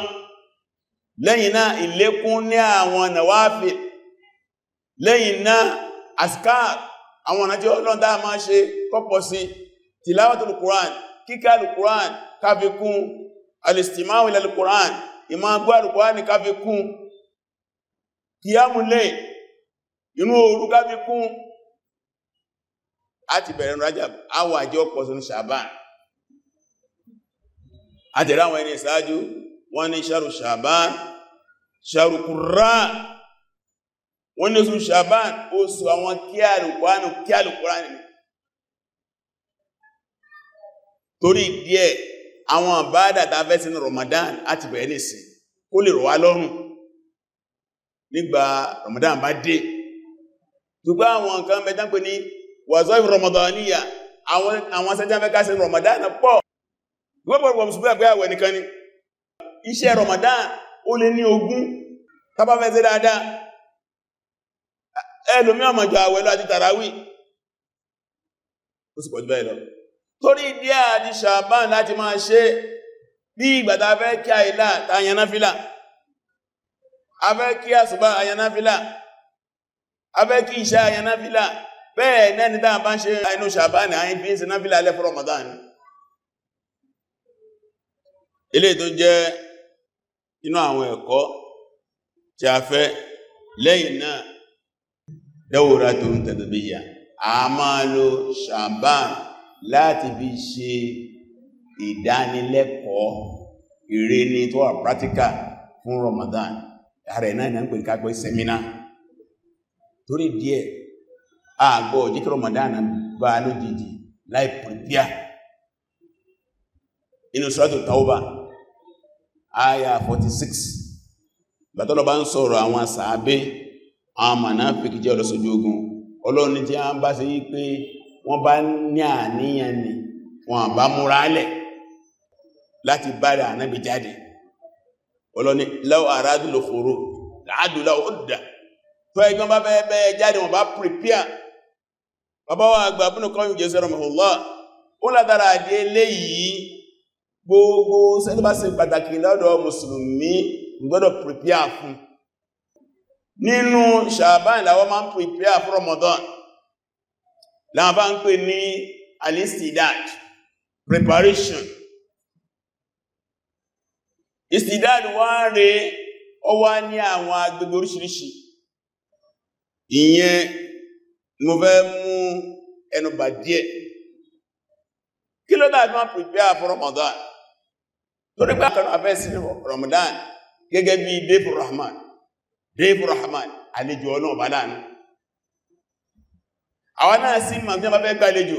lẹ́yìn náà ìlékún ní àwọn nàwáfì lẹ́yìn náà àsìká àwọn ọ̀nà tí ó alistimawu ilẹ̀ alìkùrán ìmọ̀ agbó alìkùrán ní káfí kún kíyàmùlẹ̀ inú òru káfí kún a ti bẹ̀rẹ̀ Rajab awọ àjẹ́ ọpọ̀ sínú Ṣàbán a ti ráwọn ẹni ìsáájú wọ́n ní ṣàrù Ṣàbán ṣàrù Qur'an wọ́n ní oṣù Ṣàbán ó sọ àwọn kíyàlùkùrán torí díẹ̀ àwọn àbádà tá fẹ́ sínú Ramadan àti bẹ̀rẹ̀ nìsí kó lè rọ̀ wá lọ́rùn nígbà Ramadan bá dé dùgbà àwọn nǹkan mẹ́ta pé ní wàzọ́ ìfẹ́ Ramadaniya àwọn sẹ́jà fẹ́ ká Ramadan pọ̀ gbogbo mùsùlùmí pé àwẹ̀ nìkan ni iṣẹ́ Ramadan ó lé ní ogún tábá fẹ́ sí dáadáa ẹlòmí ọmọ jọ àwẹ̀ lọ àti tàràwì ó sì pọ̀ jù bẹ́ẹ̀ lọ torí díẹ̀ àti ṣàbán láti máa ṣe bí ìgbàta fẹ́ kí àìlà àyànáfílà afẹ́ kí àsùbá àyànáfílà afẹ́ kí ìṣà àyànáfílà bẹ́ẹ̀ nẹ́ni dáa bá ń ṣe àìnú ṣàbán ní Ramadan ilé tó jẹ́ inú àwọn ẹ̀kọ́ tí a fẹ́ lẹ́yìn náà dawratun láti fi ṣe ìdánilẹ́kọ̀ọ́ ìrẹni tó wà pratica fún Ramadan ààrẹ náà ìná ń pè kágbẹ́ sẹ́mínà torí díẹ̀ àgbọ̀ òjíkí Ramadan bá lójijì láì pẹ̀lú inú sọ́tò Tauba aya 46 bàtọ́lọ bá ń sọ̀rọ̀ àwọn sàábé àwọn mànáfíkì jẹ́ ọlọ́sọ̀jú ogun ọlọ́run ni tí a ń bá ṣe pé wọ́n bá ní àníyàn ni wọ́n bá múra lẹ̀ láti bára ànábì jáde ọlọ́ni láwọ́ àrádù fòrò láàdùlá ó dà tó ẹgbọ́n bá bẹ́ẹ̀ jáde wọ́n bá prepare bàbá wa àgbà bínú kan yóò ó látara àdé léyìí gbogbo sẹ́lẹ̀ pàtàkì lọ́dọ̀ mùsùlùmí gbọ́dọ̀ fún nínú làwọn máa ń fún láàbá ń pè ní alistidad preparation istidad wá ọ wá ní àwọn agbègbè oríṣiríṣi ìyẹn mo fẹ́ mú ẹnubà díẹ̀ kí ló dáa máa prepare for Ramadan torí pé àkàrà afẹ́ sí Ramadan gẹ́gẹ́ bí dave rahman dave rahman àlejò ọlọ́ọ̀bá láàrin àwọn náà sí ma ní ọmọ fẹ́ gbàlejò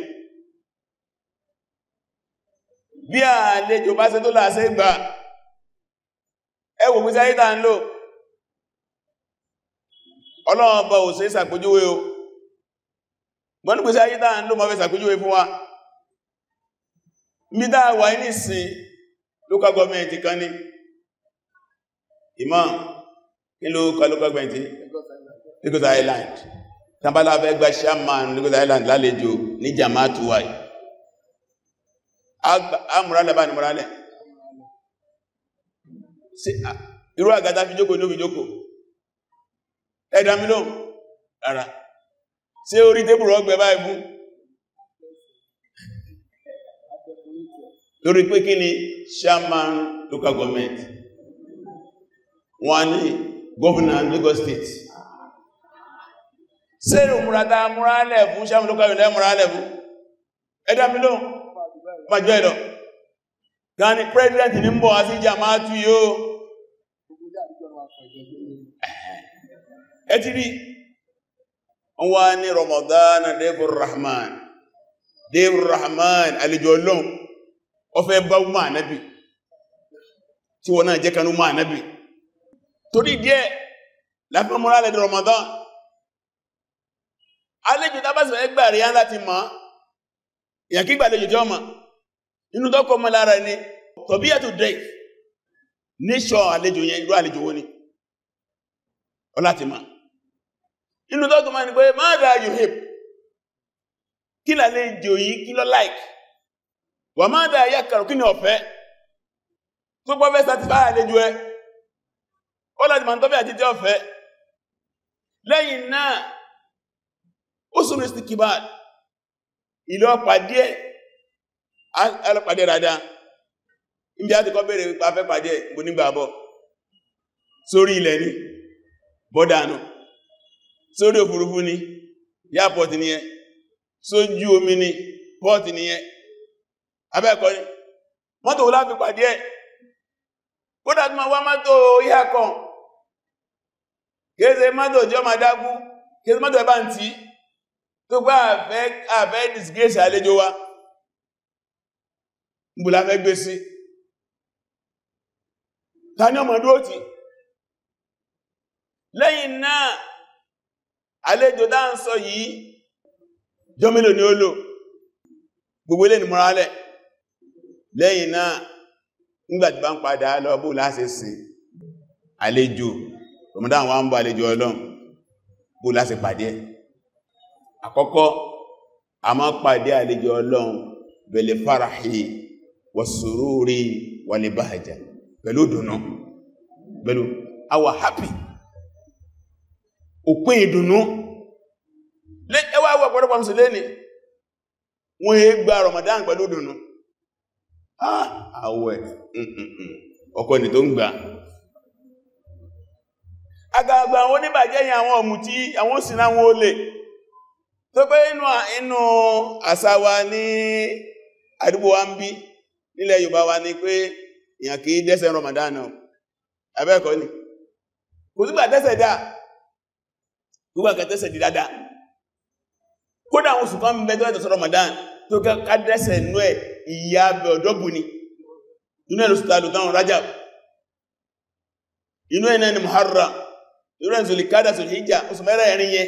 bí àlejò bá ṣe tó láàṣẹ gbà ẹwò pínṣẹ́ ayíta ń lò ọlọ́ọ̀bọ̀ ò sí ṣàpèjúwe o gbọ́nù pínṣẹ́ ayíta ń lò mọ́ fẹ́ ṣàpèjúwe fún wa mídá wà ní ìsìn lókà gọọmenti kan ní imam kí ló kà lókà gọọmenti Lagos Island tàbálà fẹ́ gba shaman Lagos Island lálejò ní jamaatu wáyé amúrálẹ̀ bá ní múrálẹ̀ irú àgádá fi jókòó ní òfìjókò ẹ̀dàmínú rárá tí ó rí tébùrù ọgbẹ̀ báyìí fún lórí pé kí ni shaman local government wọ́n ní governor Lagos State sẹ́rù múradá múrálẹ̀ fún sàmìlókàrí lẹ́ múrálẹ̀ fún ẹ̀dàmìlò pàjọ́ ẹ̀dọ̀ gani president ní ń bọ̀ àti jamaatu yóò ẹ ti rí wọ́n ní Ramadan dẹ́bù rahman dẹ́bù rahman àlejò ọlọ́run ọfẹ́ bá máa nẹ́bì tí wọ́n náà jẹ́ kanú máa nẹ́bì torí díẹ̀ láfẹ́ múrálẹ̀ Ramadan àlejò tábàsì ẹ gbà rí á láti mọ̀ èyàn kí gbàlejò tí ó mọ̀ inú tọ́kọ mọ́ lára ni tọ̀bí ẹ̀tù dẹ̀ níṣọ́ àlejò yẹn irú àlejò wó ni ọ láti inú tọ́kọ mọ́ ni pé máa yóò hip kí lálejò yìí kí lọ like wà máa dá ẹyà kàrù kí ni ọ̀fẹ́ tó pọ́ fẹ́ satisfy àlejò ẹ ó láti mọ̀ tọ́bí àti tí ọ̀fẹ́ lẹ́yìn náà ó súnmọ́ sí kí ilé ọpàdé alọ́pàdé rádá ibi àti kọ́ bẹ̀rẹ̀ wípa fẹ́ pàdé bó nígbàbọ̀ sórí ilẹ̀ ni bọ́dánù sórí òfurufú ni yápọ̀tì ni ẹ sójú omi ni pọ́ọ̀tì ni ẹ abẹ́ẹ̀kọ́ ni mọ́tò wọ́n láti pàdé kódà wá mọ́tò yá kan mọ́tò dágú mọ́tò ń tó gbá àfẹ́ àfẹ́ disgrace àlejò wa mbùlá fẹ́ gbé sí ta ní ọmọdé ó ti lẹ́yìn náà àlejò dá ń sọ yìí jọmílò ni ó lò gbogbo ilé ni mọ́rálẹ̀ lẹ́yìn náà nígbàtí bá ń padà lọ bó láṣẹ sí àlejò Ramadan wa ń bọ̀ àlejò Ọlọ́run bó láṣẹ pàdé ẹ̀ àkọ́kọ́ a máa pàdé àlejò ọlọ́run bẹ̀lẹ̀ farahi wàsùrúrí wàlẹ̀ báhàjá pẹ̀lú dùnú pẹ̀lú awa happy òpin ìdùnú ẹwà àwọn ọ̀pọ̀lọpọ̀ mùsùlẹ́ ni wọ́n gba Ramadan pẹ̀lú dùnú àwẹ̀ ọkọ̀ ni tó ń gbà àgbààgbà àwọn oníbàjẹ́ yìí àwọn àwọn àwọn olè tó pé inú inú àṣà wa ní àdúgbò wa ń bí nílẹ̀ Yorùbá wa ni pé èyàn kìí dẹ́sẹ̀ Ramadan abẹ́ẹ̀kọ́ ni kò túgbà tẹ́sẹ̀ dá túgbà kẹ tẹ́sẹ̀ di dáadáa kódà àwọn oṣù kan bẹ́ tó Ramadan tó ká dẹ́sẹ̀ nú ẹ̀ ìyá bẹ̀ ọ̀dọ́bù ni inú ẹ̀ lóṣù tààdù táwọn Rajab inú ẹ̀ náà ni Muharram inú ẹ̀ Zulqa'dah Zulhijjah oṣù mẹ́rẹ̀ẹ̀rin yẹn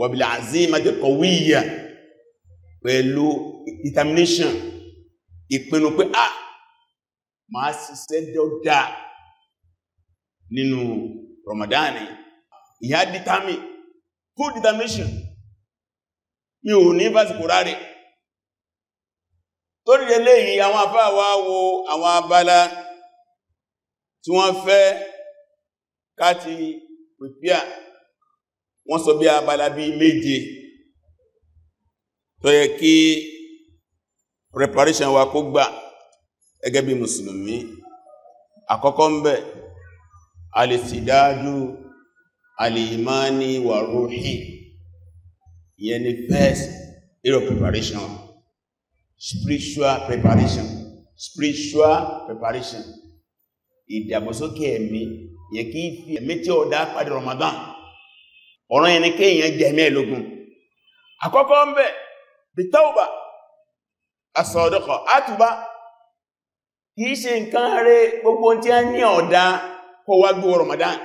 wọ̀bìlà azimati kọ̀wíyà pẹ̀lú determination ìpinnu pé a ah, máa ṣiṣẹ́ dọ́dá nínú Ramadani ìyá dìtàmì full determination mi ò ní fásitì rárẹ̀ torí eléyìí àwọn afá wa wo àwọn abala tí wọ́n fẹ́ káti pèpíà wọ́n sọ bí abala bí méje tó yẹ kí preparation wa kó gbà gẹ́gẹ́ bí mùsùlùmí àkọ́kọ́ ń bẹ̀ alìsìdájú alìmáni wà rúhì ìyẹn ni first aid preparation spiritual preparation spiritual preparation ìdàgbàsókè ẹ̀mí yẹ kí fi ẹ̀mí tí ó pàdé Ramadan ọ̀ràn yẹn ni kéèyàn jẹ̀mí ẹ̀lógún àkọ́kọ́ ń bẹ̀ bitauba asọ̀ọ̀dọ́kọ̀ átùbá kìí ṣe nǹkan rẹ gbogbo tí a ní ọ̀dá kó wá Ramadan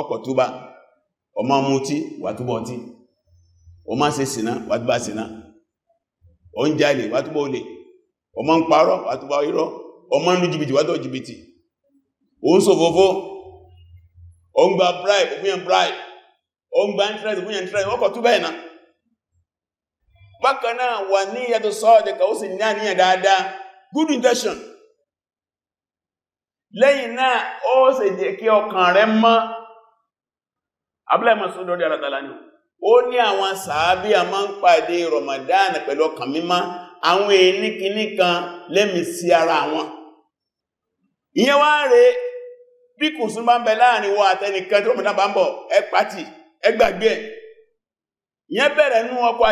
ọkọ̀ túbá ọmọ mutí wà túbọ̀ ọ ọmọ ṣe sínà wà túbọ̀ sínà ọ ń wà túbọ̀ olè ọmọ ń parọ́ wà irọ́ ọmọ ń lu jìbìtì wà jìbìtì ó ń ó bribe fún bribe ó ń gba interest fún yẹn interest bákan náà wà ní ó sì ní àníyàn dáadáa good intention lẹ́yìn náà ó sì jẹ́ kí ọkàn rẹ mọ́ abúlẹ̀mọ̀ sún lórí àrátàlá ni ó ní àwọn sàábí a máa ń pàdé Ramadan pẹ̀lú ọkàn mímá àwọn ènìkìní kan lẹ́mìí sí ara ìyẹn wá rèé bí kò sún bá ń bẹ láàrin wọ àtẹnìkan tó mọ̀dá bá ń bọ̀ ẹ pàtì ẹ gbàgbé ẹ̀ ìyẹn bẹ̀rẹ̀ nú ọkọ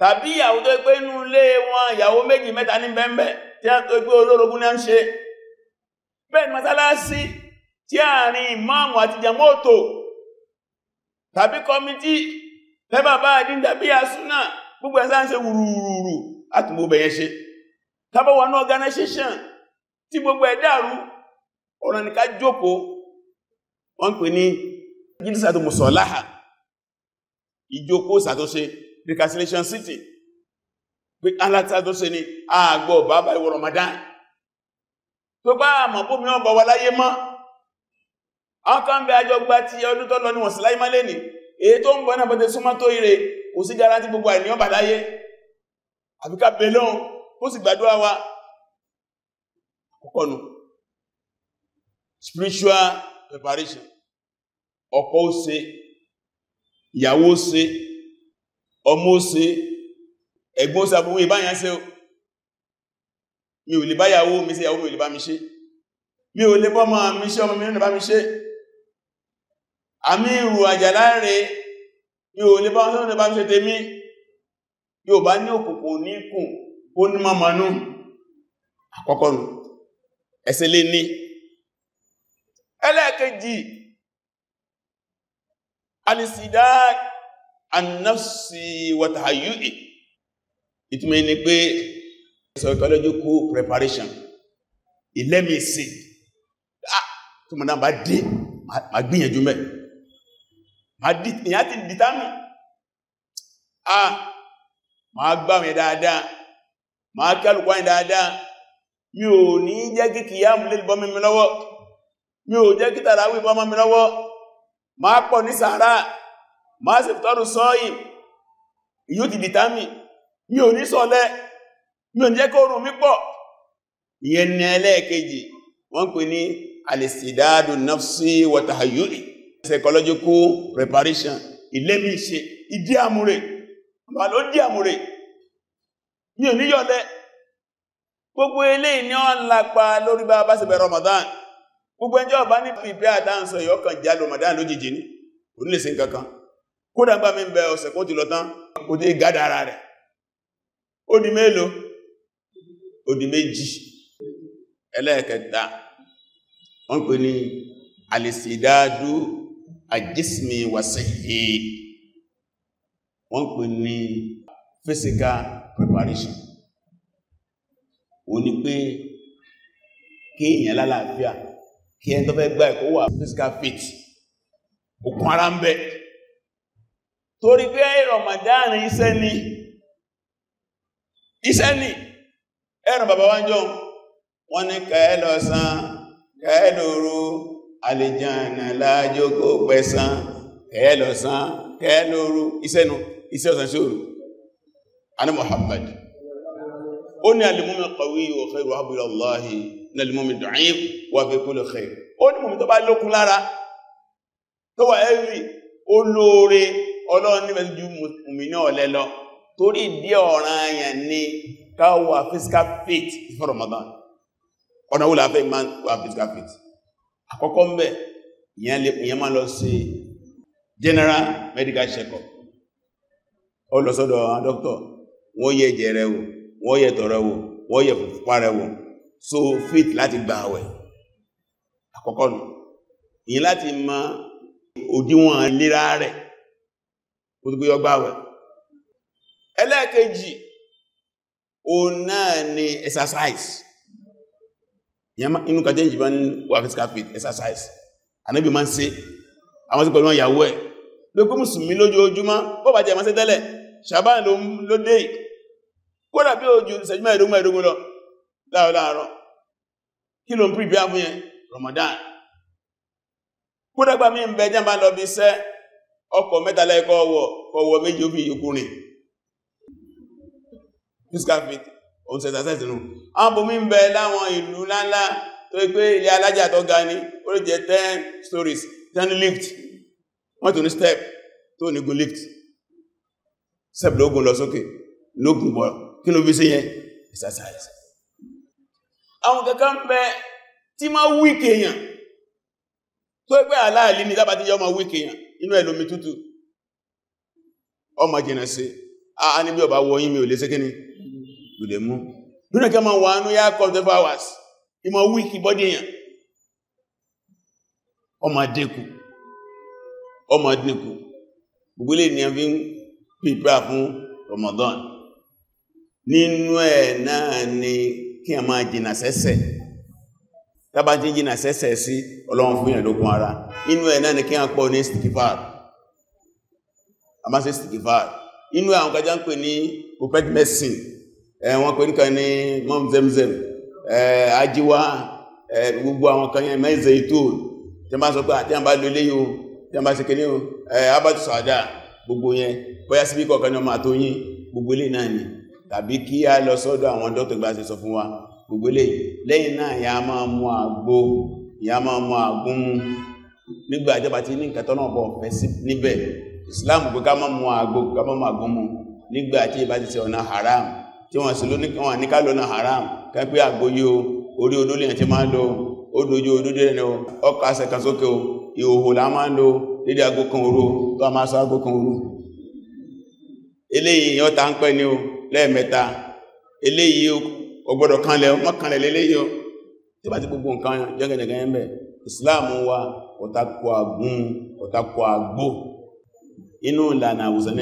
tàbí ìyàwó tó nú ilé wọn ìyàwó méjì mẹta ní bẹ́ẹ̀mbẹ́ tí a tó pé olórogún náà ń ṣe bẹ́ẹ̀ mọ́sálásí tí àárín ìmáàmù àti jàmọ́tò tàbí kọmití gbogbo ẹ̀sá ń ọ̀rọ̀ ní ká jókòó wọ́n pè ní jídísàtò mùsọ̀láhà ìjókòó sàtọ́ṣe reconciliation city pé alátàtọ́ṣe ni àgbọ̀ bàbá ìwọ̀ Ramadan tó bá mọ̀ bó mi ọgbà wà láyé mọ́ àwọn kan bẹ àjọ gbá ti ọdún tó lọ ní wọ̀n sí láyé mọ́lé ni èyí tó ń bọ̀ náà bọ́tẹ̀ súnmọ́ tó ire kò sí garanti gbogbo àìníyàn bà láyé àbíká belon ó sì gbàdúrà wa kọ́kọ́nù spiritual preparation ọkọ ó ṣe ìyàwó ó ṣe ọmọ ó ṣe ẹ̀gbọ́n àbúrò ìbáyàn ṣe mi ò lè bá yàwó mi ṣe yàwó mi ò lè bá mi ṣe mi ò lè bọ́ ọmọ mi ṣe ọmọ mi ò lè bá mi ṣe àmì ìrù àjàlá rẹ̀ mi ò lè bá ọmọ mi ò lè bá mi ṣe tèmi yóò bá ní òkòkò ní kùn ó ní mọ́mọ́nú àkọ́kọ́ nù ẹ̀sẹ̀ lé ní ẹlẹ́ẹ̀kejì alìsìdá annafsi wàtàyúì ìtumẹ̀ ni pé psychological preparation ìlẹ́mìsì ah, tó mọ̀ náà bá dé ma gbìyànjú mẹ́ ìyá ti dìtàmì a ma gbà mẹ́ dáadáa ma kí alùkwáyìn dáadáa mi ò ní jẹ́ kíkìyà múlẹ̀ bọ́mí mi lọ́wọ́ mi ò jẹ́ kíta láwí bọ́ mọ́ mi lọ́wọ́ máa pọ̀ ní sàárà máa sì tọ́rù sọ́ọ̀yì yóò ti dìtà mi mi ò ní sọ́lẹ̀ mi ò jẹ́ kó rùn mí pọ̀ ìyẹn ẹlẹ́ẹ̀kejì wọ́n pè ní alìsìdáàdù nafsi wa tahayyuli psychological preparation ilẹ́mí ṣe ìdí àmúrè bà ló dí àmúrè mi ò ní yọ́lẹ̀ gbogbo eléyìí ni ó ń lapa lórí bá bá sì bẹ̀rẹ̀ Ramadan gbogbo ẹjọ́ bá ní pípẹ́ àdáǹsọ ìyọ́kàn já lọmọdán lójijì ní onílèsí nǹkankan kó dàgbà mi ń bẹ ọ̀sẹ̀ kó ti lọ́tán kò tí gádàrà rẹ̀ ó di mélòó ó di méjì ẹlẹ́ẹ̀kẹta wọ́n pè ní alìsìdádú àjísmi wàsíhì wọ́n pè ní physical preparation ó ní pé kí èèyàn lálàáfíà kí ẹni tó fẹ́ gbá ẹ̀kọ́ wà physical fit òkun ara ń bẹ torí pé Ramadan iṣẹ́ ni iṣẹ́ ni ẹ̀rùn bàbá wá ń jọ wọ́n ní kẹ́ẹ̀ lọ́sán kẹ́ẹ̀ lóru àlejànà lájókó pẹ̀sán kẹ́ẹ̀ lọ́sán kẹ́ẹ̀ lóru iṣẹ́ nu iṣẹ́ ọ̀sán ṣòro ani Muhammad ó ní al-mu'min qawiyyun wa khayru abu ilallahi lẹ́lùmọ́mí dọ̀yìn wà fi kúlò ṣe ó ní mọ̀mí tó bá lókun lára tó wà ẹ́rì olóore ọlọ́run níbẹ̀ ju mọ̀mí náà lẹ lọ torí ìdí ọ̀ràn àyàn ni káwà physical fit fún Ramadan ọ̀nà wò láfẹ́ máa wà physical fit àkọ́kọ́ mbẹ̀ ìyẹn máa lọ sí general medical check ó lọ sọ́dọ̀ àwọn dókítà wọ́n yẹ ẹ̀jẹ̀ wọ́n yẹ tọ̀rẹ̀ wọ́n yẹ fùfúpa so fit láti gba àwẹ̀ àkọ́kọ́ nù èyí láti mọ òdiwọ̀n ìlera rẹ̀ kó tó gbéyọ gbáwẹ̀ ẹlẹ́ẹ̀kejì o náà ni exercise inú kàtẹ́ ìjìbá ní wà physical fit exercise anábì máa ń ṣe àwọn sí pẹ̀lú ìyàwó ẹ̀ lókún mùsùlùmí lójoojúmọ́ bọ́bá jẹ́ máa ṣe tẹ́lẹ̀ ṣàbá ló dé kódà bí ojú ìṣẹ́jú mẹ́ẹ̀ẹ́dógún lọ láàárọ̀ kí ló ń prí bí á fún yẹn Ramadan kódàgbà mi ń bẹ jẹ́ bá lọ bí iṣẹ́ ọkọ̀ mẹ́tàlá ẹkọ́ ọwọ́ ọwọ́ méjì ó fi yòókù rìn physical fit òun ṣe exercise nù ààbò mi ń bẹ láwọn ìlú ńláńlá tó yẹ pé ilé alájà tó ga ní ó lè jẹ́ 10 stories 10 lift wọ́n tó ní step tó ní gun lift step lóògùn lọ sókè lóògùn bọ̀ kí ló fi sí yẹn exercise àwọn kankan bẹ tí máa wíkè èèyàn tó pẹ́ aláàlì ní tábàtí yọ ma wíkè èèyàn inú ẹ̀lómi tútù ọmọ jìnà sí a ní bí ọba wọ yí mi ò lè sé kíní ló lè mú lónà kí a máa wà ánú yá kọ́ the hours ìmọ̀ wíkì bọ́dí Ramadan nínú ẹ̀ ni kí a máa jìnà sẹ́sẹ̀ tàbá tí jìnà sẹ́sẹ̀ sí ọlọ́run fún ìrìnlógún ara inú ẹ̀ náà ni kí a pọ̀ ní stikifar a máa ṣe stikifar inú àwọn kajá ń pè ní prophet medicine wọ́n pè nìkan ní mom zemzem ajiwa gbogbo àwọn kan yẹn mẹ́zẹ̀ ètò tí a bá sọ pé àti àbá lólé yóò tí a bá sì kéde yóò abátùsọ̀ àdá gbogbo yẹn bóyá síbí kọ̀ọ̀kan ní ọmọ àtóyìn gbogbo ilé náà ni tàbí kí a lọ sọ́dọ̀ àwọn dókítà gbá ṣe sọ fún wa gbogbo lè lẹ́yìn náà ya máa mú àgbo ya máa mú àgún mú nígbà ìjọba tí ní nǹkan tọ́nà bọ̀ fẹ́ sí níbẹ̀ Islam pé ká máa mú àgbo ká máa mú àgún mú nígbà tí haram tí wọ́n sì ní ká lọ́nà haram ká pé o orí ti máa ń lo odò ojú o ìhòhò la máa ń lo dédé kan òru tó a máa sọ kan òru eléyìí ń ni o lẹ́ẹ̀mẹ́ta eléyìí ọgbọ́dọ̀ kanlẹ̀ wọ́n kanlẹ̀ léléyìí tí bá ti gbogbo nǹkan jẹ́gẹ̀dẹ̀gẹ̀ ń Islam wa ọ̀takọ̀ àgún ọ̀takọ̀ àgbò inú ìlànà àwòsàn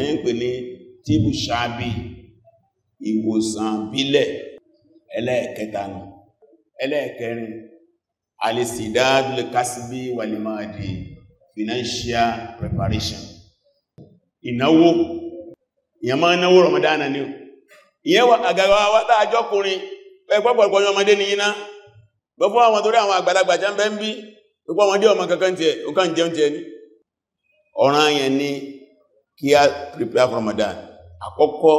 ní preparation ìnáwó ìyàmá ni o ìyẹn wà àgàwà wátà àjọkùnrin ẹgbọ́pọ̀lọpọ̀ ọmọdé ni yíná gbọ́fọ́ àwọn torí àwọn àgbàlagbà jẹ́ ń bẹ́ ń bí gbogbo ọmọdé prepare Ramadan àkọ́kọ́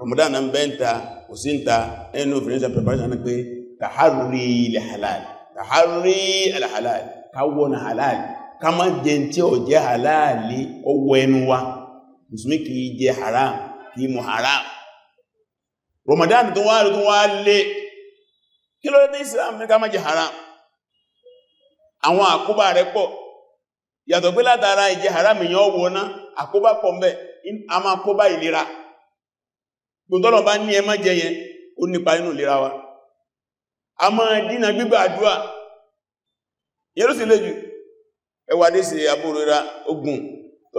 Ramadan na ń bẹ́ ń ta kò sí ta ẹnu halal tahari al-halal káwọ́ na halal ká má jẹ tí ó jẹ́ halal ọwọ́ haram kì í Ramadan tó wá rí tó wá lé kí ló dé Islam ní ká má jẹ haram àwọn àkóbá rẹ̀ pọ̀ yàtọ̀ pé látara ìjẹ haram èyàn wọná àkóbá pọ̀ mẹ́ a máa kóbá ìlera bá ní ẹ má jẹ yẹn ó nípa inú ìlera wa a máa dínà gbígbà àdúrà ẹwà dé sí àbúrò ogun tó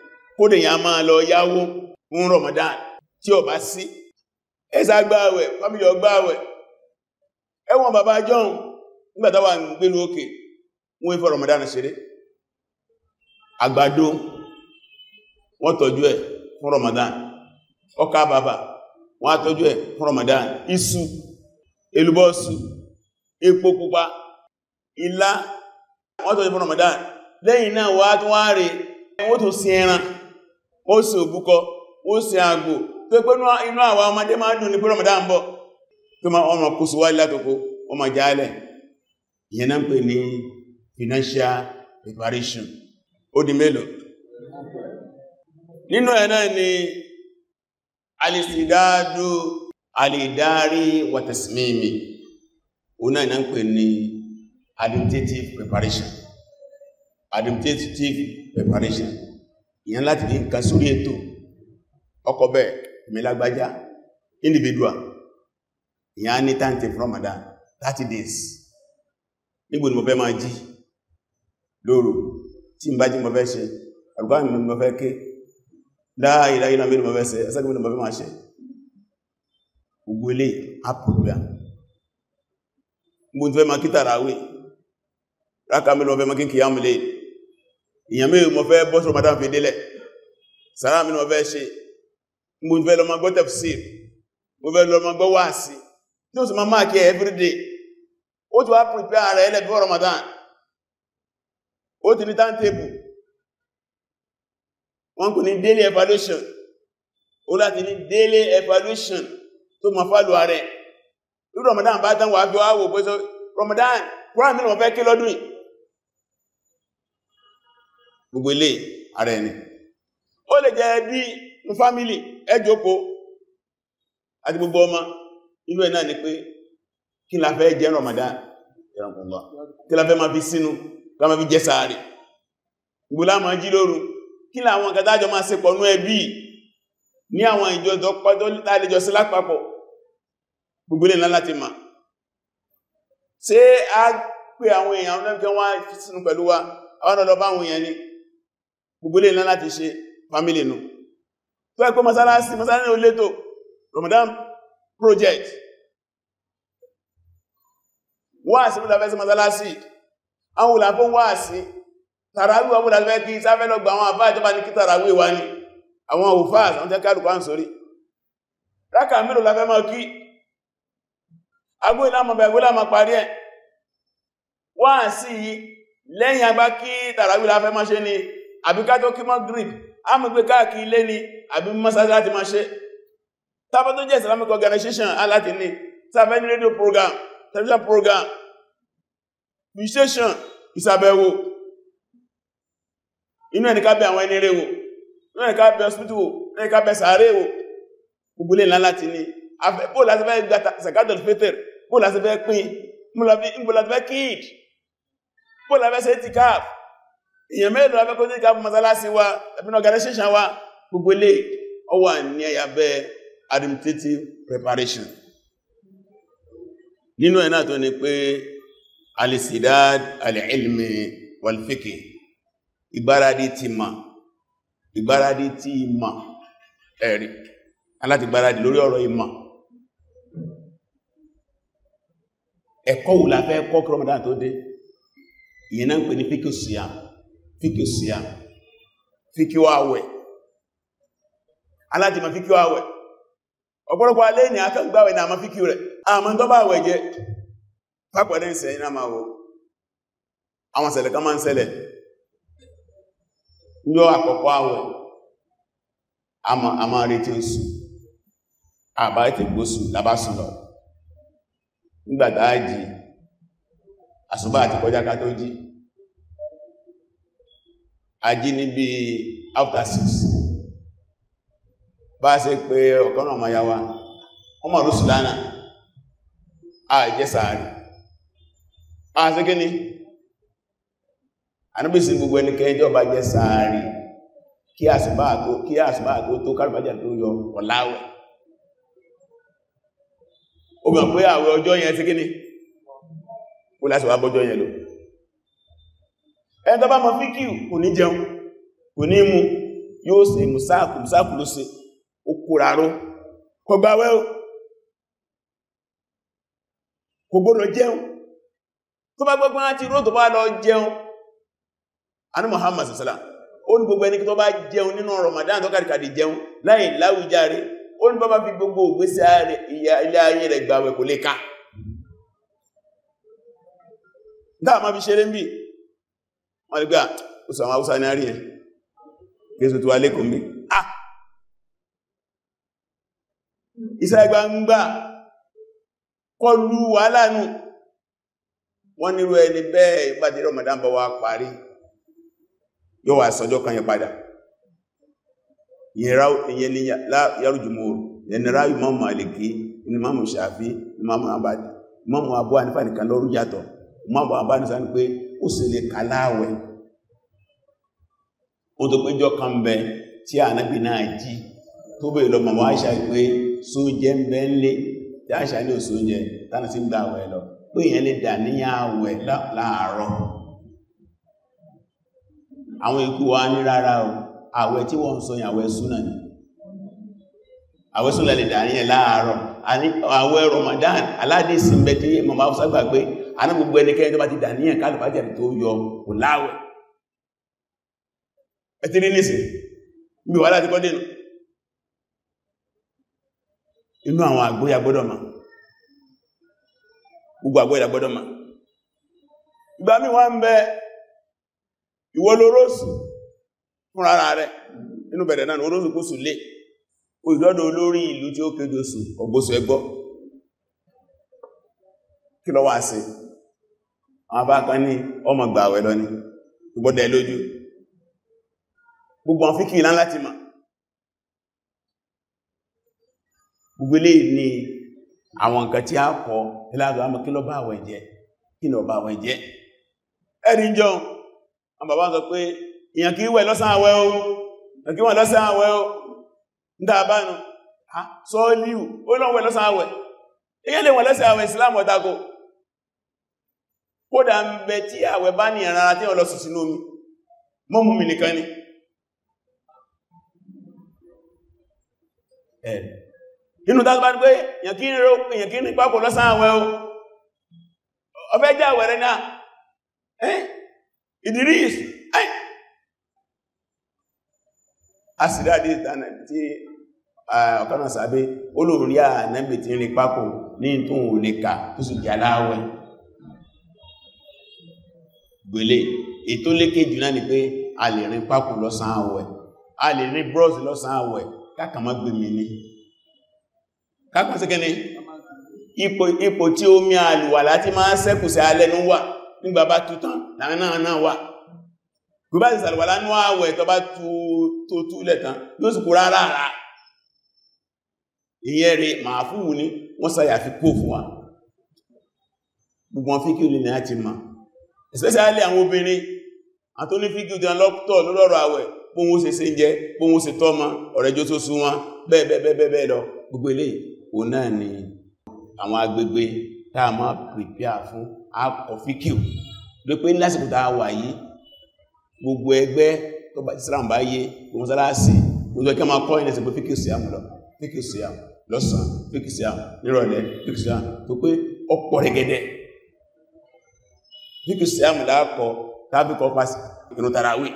kódè yà máa lọ yáwó ń Ramadan tí ó bá sí ẹsà gbáwẹ̀ fámílì ọgbáwẹ̀ ẹwọ̀n bàbá john nígbàtàwà ń gbé lókè wọ́n fẹ́ Ramadan ṣeré àgbàdo wọ́n tọ́jú ẹ̀ fún Ramadan ọkà bàbà wọ́n tọ́jú ẹ̀ fún Ramadan epo pupa ilá fún ó ṣe òbúkọ ó ṣe àgbò tó pé inú àwọn ọmọdé máa dùn ní pé rọmọdá ń tó máa ọmọ kó sí wáyé látòkó ọmọ jálẹ̀ ìyẹn náà pè ní financial preparation ó di mélòó nínú ẹ̀ náà ni alìsìdádó alìdárí wàtàsímìmì ó náà náà pè ní administrative preparation administrative preparation ìyẹn láti ní nǹkan sórí ètò ọkọ̀ bẹ́ẹ̀ ìmìlágbájá individual ìyẹn ní time from 30 days nígbò ni mo fẹ́ máa jí lóru tí n bá jí mo fẹ́ ṣe àgbà mi mo fẹ́ ké láàrín ìlàyé náà mẹ́rin mo fẹ́ ṣe ẹsẹ́ gbogbo kí tàràwé èèyàn mẹ́rin mọ̀ fẹ́ bọ́ sí Ramadan fi délẹ̀ sàrá mi mọ̀ fẹ́ ṣe mo fẹ́ lọ ma gbọ́ tafsir mo fẹ́ lọ ma gbọ́ wáàsí tí ó sì ma máa kí ẹ everyday ó ti wá prepare ara ẹlẹ́ before Ramadan ó ti ní timetable wọ́n kò ní daily evaluation ó láti ní daily evaluation tó ma fálò ààrẹ lórí Ramadan bá tán wà fi wá wò pé Ramadan kúrò àmì ìrọ̀fẹ́ kí lọ́dún yìí gbogbo ilé ara ẹni ó lè jẹ́ ẹbí ní fámílì ẹ jókòó àti gbogbo ọmọ inú ẹ̀ náà ni pé kí la fẹ́ jẹ Ramadan ìrànkùnlọ́ kí la fẹ́ ma fi sínú la ma fi jẹ sàárì gbogbo láàmà jí lóru kí láwọn kàdájọ máa ṣe pọ̀nú ẹbí ní àwọn ìjọ tó lálejọ sí lápapọ̀ gbogbo ilé ńlá láti ma ṣe a pé àwọn èèyàn lẹ́mkẹ́ wọ́n sínú pẹ̀lú wa àwọn ọ̀dọ̀ bá àwọn èèyàn ni gbogbo ilé ńlá láti ṣe family nù tó ẹ̀kọ́ masalasi masalasi ní olétò Ramadan project wáàsí mú lafẹ́ sí masalasi àwọn olàfẹ́ wáàsí tàràwí wọn mú lafẹ́ kí sáfẹ́ lọ gba àwọn àfá ìjọba ní kí tàràwí wá ní àwọn òfáàs àwọn tẹ́kàrù kan sórí rákà mélòó lafẹ́ mọ́ kí agbó ìlàmọ̀ bẹ̀gbó lámọ̀ parí ẹ̀ wáàsí lẹ́yìn agbá kí tàràwí lafẹ́ mọ́ ṣe ni àbíkájọ́ kí mọ́ grip a mọ̀ pé káàkiri ilé ni àbí mọ́sáájú láti máa ṣe tábà tó jẹ́ islamic organization aláti ní tàbí ní radio program television program visitation ìsàbẹ̀wò inú ẹ̀nìká bẹ àwọn ẹnire wò inú ẹ̀nìká bẹ hospital wò inú ẹ̀nìká bẹ sàárè wò gbogbo lè láti ní bó láti èèyàn mẹ́rin lọ́wọ́ kó díkà wa ẹ̀fẹ́ organization wa gbogbo ilé ó wà ní ẹ̀yàbẹ́ administrative preparation nínú ẹ̀ tó ní pé alisidad alilmi walfiki ìgbáradì ti ma ìgbáradì ti ma ẹ̀rí aláti gbáradì lórí ọ̀rọ̀ ìmọ̀ ẹ̀kọ́ wùlá fẹ́ kọ́ kí Ramadan tó dé ìyẹn ń pè ní fíkì síyàmù fíkì síyà fíkì àwẹ̀ alájìmọ̀ fíkì àwẹ̀ ọ̀pọ̀lọpọ̀ alẹ́ ni akẹ́gbàwẹ̀ náà ma fíkì rẹ̀ àmọ́ tó bá àwẹ̀ jẹ́ pápẹ̀lẹ́ ìsẹ̀ iná ma wo àwọn ṣẹlẹ̀ kama máa ń akọkọ yọ ama àwẹ̀ a máa retí oṣù àbá ìtẹ̀gbóṣù labásùn lọ àti kọjá ká tó ajínigbé after six bá ṣe pé ọ̀kan náà máa yáwá ọmọ rúsù lánàá àìjẹ́ sàárì a ṣe kí ni àníbìsí gbogbo ẹnikẹ́jọ́ bá jẹ́ sàárì kí àṣìbá tó kí àṣìbá tó tó kárùbájà tó yọ ọ̀láwẹ̀ ó mọ̀ pé àwẹ̀ ọjọ́ yẹn ṣe kí ni ó láti wá bọ́jọ́ yẹn lò ẹ̀dọ́ bá mọ̀ fíkì kò ní jẹun kò ní mú yóò ṣe mùsáàkù mùsáàkù ló ṣe ó kòràró kò gbààwẹ̀ o kò gbọ́dọ̀ jẹun tó bá gbọ́gbọ́n láti ró tó bá lọ jẹun anú Muhammad sàsàlá ó ní gbogbo ẹni tó bá jẹun nínú Ramadan tó kàrìkàrì jẹun láì láwùjáre ó ní bọ́bá fi gbogbo ògbésí ilé ayé rẹ̀ gbààwẹ̀ kò lè ká dáa ma fi ṣeré ń bíi wọ́n ní pé à ó sọ àwọn haúsá ní àárín ẹ̀ kéèsù tó wà lẹ́kùn mi ah iṣẹ́ gbangba kọlu wàhálà nù wọ́n nírú ẹni bẹ́ẹ̀ ìpàdé Ramadan bá wá parí yóò wà sọjọ́ kan yẹ padà ìyẹn ni yàrùjùmọ̀ ẹni ráyù Imam Maliki ni Imam Shafi ni Imam Abadi Imam Abu Hanifa ó sì lè kà láàwẹ̀ ó tó péjọ kan bẹ tí ànábì náà jí tó bèèrè lọ màmá àṣà pé sóúnjẹ ń bẹ ń lé tí àṣà ní òsóúnjẹ tánà sí ń dá àwẹ̀ lọ pé èèyàn lè dà ní àwẹ̀ láàárọ̀ àwọn ikú wa ní rárá o àwẹ̀ tí wọ́n ń sọ yẹn àwẹ̀ súnà ni àwẹ̀ súnà lè dà ní ẹ̀ láàárọ̀ àwẹ̀ Ramadan aládìsí ń bẹ tí màmá àfúsá gbà pé àná gbogbo ẹnikẹ́ni tó bá ti dà níyàn káàlù bá jẹ̀rì tó yọ kò láwẹ̀ ẹ ti rí nìsí mi wà láti inú àwọn àgbóyà ma gbogbo àgbóyà ma ìgbà mi wá ń bẹ ìwọ lórósù fún ara rẹ̀ bẹ̀rẹ̀ náà lórósù kó sùn lé kí lọ wá sí àwọn bá kan ní ọmọ gbà àwẹ̀ lọ ní gbọ́dẹ̀ lójú gbogbo àfikì ìlànà láti ma gbogbo ilé ní àwọn nǹkan tí a kọ ìlàgbà àmọ́ kí lọ bá àwẹ̀ jẹ́ kí lọ bá àwẹ̀ jẹ́ ẹ̀rí jọ àwọn wẹ̀ lọ́sàn àwẹ̀ o èèyàn lọ́sàn àwẹ̀ o ń ah, àwẹ̀ èèyàn lè kódà ń bẹ tí àwẹ̀ bá ní ẹ̀ràn àti ọlọ́sù sínú omi mọ́mù mi nìkan ni ẹ̀ nínú tàbí pé èyàn kí pápọ̀ lọ́sán o jẹ́ àwẹ̀ rẹ̀ náà ẹ́ Idris ẹ́ ọ̀kanà sàbé olóòrí tí rí pápọ̀ ní ìtún gbélé ètò lékè jù náà ni pé a lè rin pákùn lọ́sàn àwẹ̀ a lè rin bros lọ́sàn àwẹ̀ kákàmọ́ gbèmí ni kákùn sí kẹni ipò tí omi àlùwàlá tí máa sẹ́kù sí alẹ́nu wà nígbà bá tútàn láàrín náà wà gbogbo àti sàlùwàlá ní àwẹ̀ tó bá tó túlẹ̀ tán yóò sì kú rárá rárá ìyẹ́ rẹ̀ màá fún wù ní wọ́n sáyà fi kó fún wa gbogbo wọn fi kí o lè ní àti máa especially àwọn obìnrin àtúní fíkí ìjọ lọ́pùtọ̀ lọ́rọ̀ àwẹ̀ pòhun ṣe ṣe jẹ́ pòhun ṣe tọ́mọ ọ̀rẹ́jọ́ tó sún wọn bẹ́ẹ̀bẹ́ẹ̀bẹ́ẹ̀ lọ gbogbo ilé ò náà ni àwọn agbègbè tá a máa prepare fún akọ̀ fíkí ò ló pé lásìkò tá a wà yìí gbogbo ẹgbẹ́ tó bá ti sáràn bá yé gbogbo sálásì gbogbo kí a máa kọ́ ilẹ̀ sí pé fíkí sí àmú lọ fíkí sí àmú lọ́sàn fíkí sí àmú nírọ̀lẹ́ fíkí sí àmú tó pé dịka siamụ da akọ tàbí kọ pàṣẹ ìrùtàràwì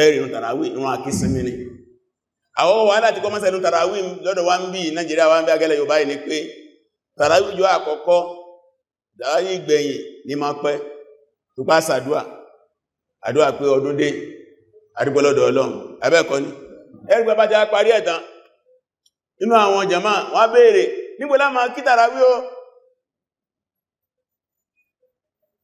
ẹ̀rì ìrùtàràwì ìrùn àkísí mìírí àwọn wàhálà tí kọ mọ́sẹ̀ ìrùtàràwì lọ́dọ̀ wá ń wa Nàìjíríà wá wa bí agẹ́lẹ̀ yoruba ní akọkọ ni ẹ̀rì pẹ́ bá já parí akpari nínú àwọn jàmáà wọ́n wa beere lá máa o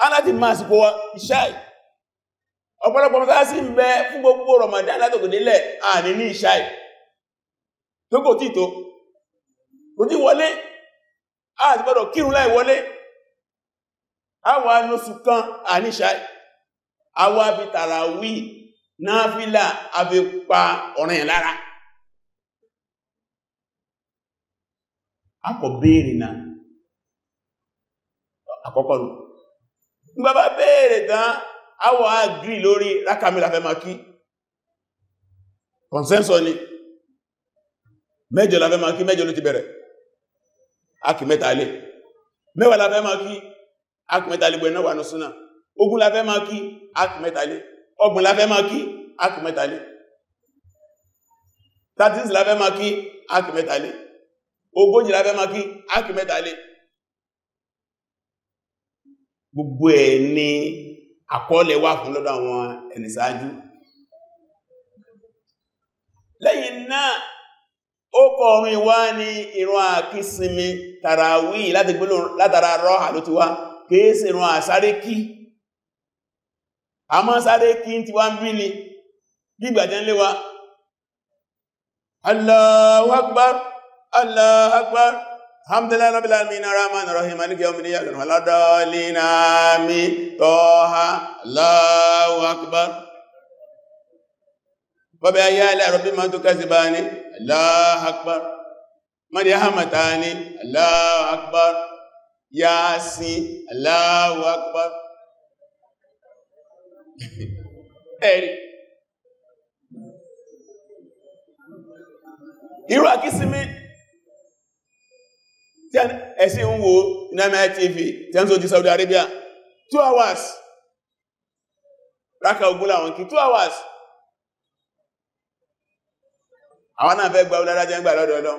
aláti máa sì kó wa ìṣáì ọ̀pọ̀lọpọ̀ mọ́sálásí ń bẹ fún gbogbo Ramadan látòkòdélẹ̀ àní ní ìṣáì tó kò tí tó kò tí wọlé àti gbọ́dọ̀ kírun láì wọlé àwọn anúsù kan àní ìṣáì àwọn abi ọ̀rìn lára ní bàbá béèrè tán àwọ̀ agree lórí rákàmílà fẹ́ ma kí consensus ni mẹ́jọ la fẹ́ ma kí mẹ́jọ ló ti bẹ̀rẹ̀ ákì mẹ́ta lè mẹ́wàá la fẹ́ ma kí ákì mẹ́ta lè gbẹ̀rẹ̀ náà wà ní súnà ogún la fẹ́ ma kí ákì mẹ́ta lè ọgbọ̀n la fẹ́ ma kí ákì mẹ́ta lè thirties la fẹ́ ma kí ákì mẹ́ta lè ogójì la fẹ́ ma kí ákì mẹ́ta lè gbogbo ẹ̀ ní àkọọ́lẹ̀ wà fún lọ́dọ̀ àwọn ẹni lẹ́yìn náà ó kọ orin wá ní ìrun àkísinmi tàràwí láti gbélò látara rọ́ àló kéèsì a ti wá ń bí ni ń الحمد لله رب العالمين الرحمن الرحيم مالك يوم الدين ولا ضالين امين طه الله اكبر فبأي آلاء ربما تكذبان الله اكبر من يهمتان الله اكبر ياسين الله اكبر إيه. يروى كسمين ẹ̀sìn ń wo Namiya TV tẹ́ǹsọ́ ti Saudi Arabia two hours rákà ogun láwọn kí two hours àwọn náà fẹ́ gba ọlọ́dá jẹ́ gbà lọ́dọọdọ́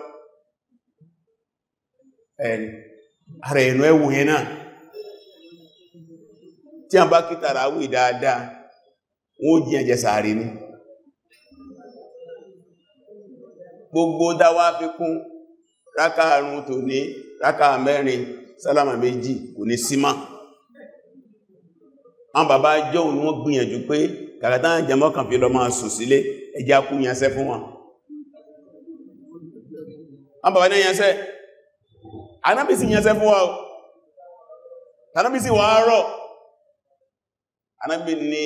ẹni ààrẹ ìlú ẹwù yẹn náà tí a bá kí tàràwì dáadáa wọ́n jí ẹjẹ sàárì ní gbogbo dáwà fi rákà àrùn tò ní rákà mẹ́rin sálámà méjì kò ní símá àwọn bàbá jọ ní wọ́n gbìyànjú pé kàkàtà jẹmọ́ kan fi lọ máa sùn sílé ẹjá kú yànsẹ́ fún wọn àwọn bàbá náà yànsẹ́ anábìsí yànsẹ́ fún wa o anábìsí wà rọ̀ anábì ní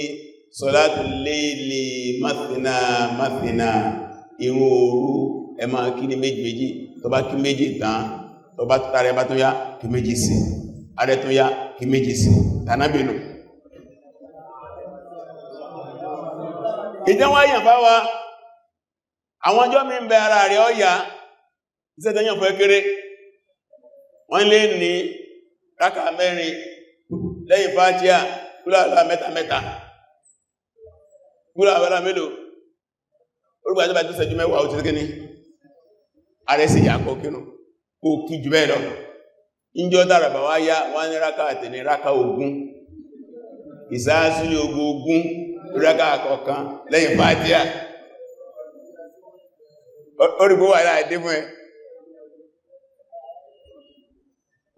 sọ́látù léèlè máfìnà máfìnà ìrun òru ẹ máa kí ní méjì méjì tó bá kí méjì tán tó bá tààrẹ bá tó yá kí méjì sí ààrẹ tó yá kí méjì sí tànábìnú ìjẹ́wọ́ àyàn bá wa àwọn ọjọ́ mi ń bẹ ara rẹ̀ ọ̀yà iṣẹ́ tó yàn fún ẹkẹrẹ wọ́n lè ní rákà mẹ́rin lẹ́yìn fàájíà kúláàlá mẹ́ta-mẹ́ta kúláàlá mélòó orúgbà tó bá tó mẹ́wàá ó ti gẹ́ni ààrẹ ya yàkó kínú kò kí jù bẹ́ẹ̀ lọ dáraba wá yá wọ́n ní rákà ogun ìsáásílẹ̀ ogun ogun rákà kọ̀ọ̀kan lẹ́yìn fàtíà orígbó wà láàdé fún ẹ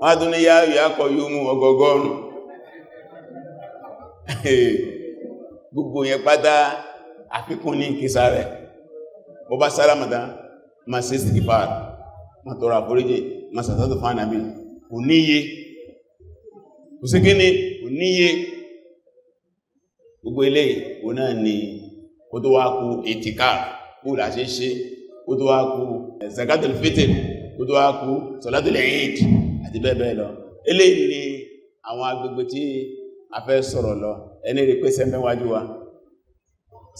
wọ́n tún ní yáyù yákọ̀ yóò mú ọgọgọ́rùn gbogbo yẹn pátá àfikún ní kìsà rẹ̀ bọ́bá ma ṣe istighfar ma tọrọ àforíjì ma sàtọ́tù fánàbí kò níye kò sí kíni kò níye gbogbo ilé ìkò náà ni kó tó wá kú ètìká kú làṣẹ ṣe kó tó wá kú zakatul fitr kó tó wá kú salatul eid àti bẹ́ẹ̀ bẹ́ẹ̀ lọ eléyìí ni àwọn agbègbè tí a fẹ́ sọ̀rọ̀ lọ ẹni rí pé sẹ́mẹ́wájú wa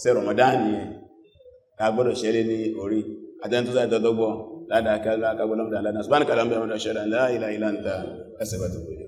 sẹ́rọ̀mọ́dá nìyẹn ká gbọ́dọ̀ ṣẹlẹ̀ ní orí àtẹ́ntúsá ìtọ́tọ́gbọ́ ládàkàlá kagbọ́lọ́mdà aládà ṣùgbọ́n kàlámbà ọmọdé ṣẹ́dà láìláìláǹtà ẹsẹ̀ bàtàkùn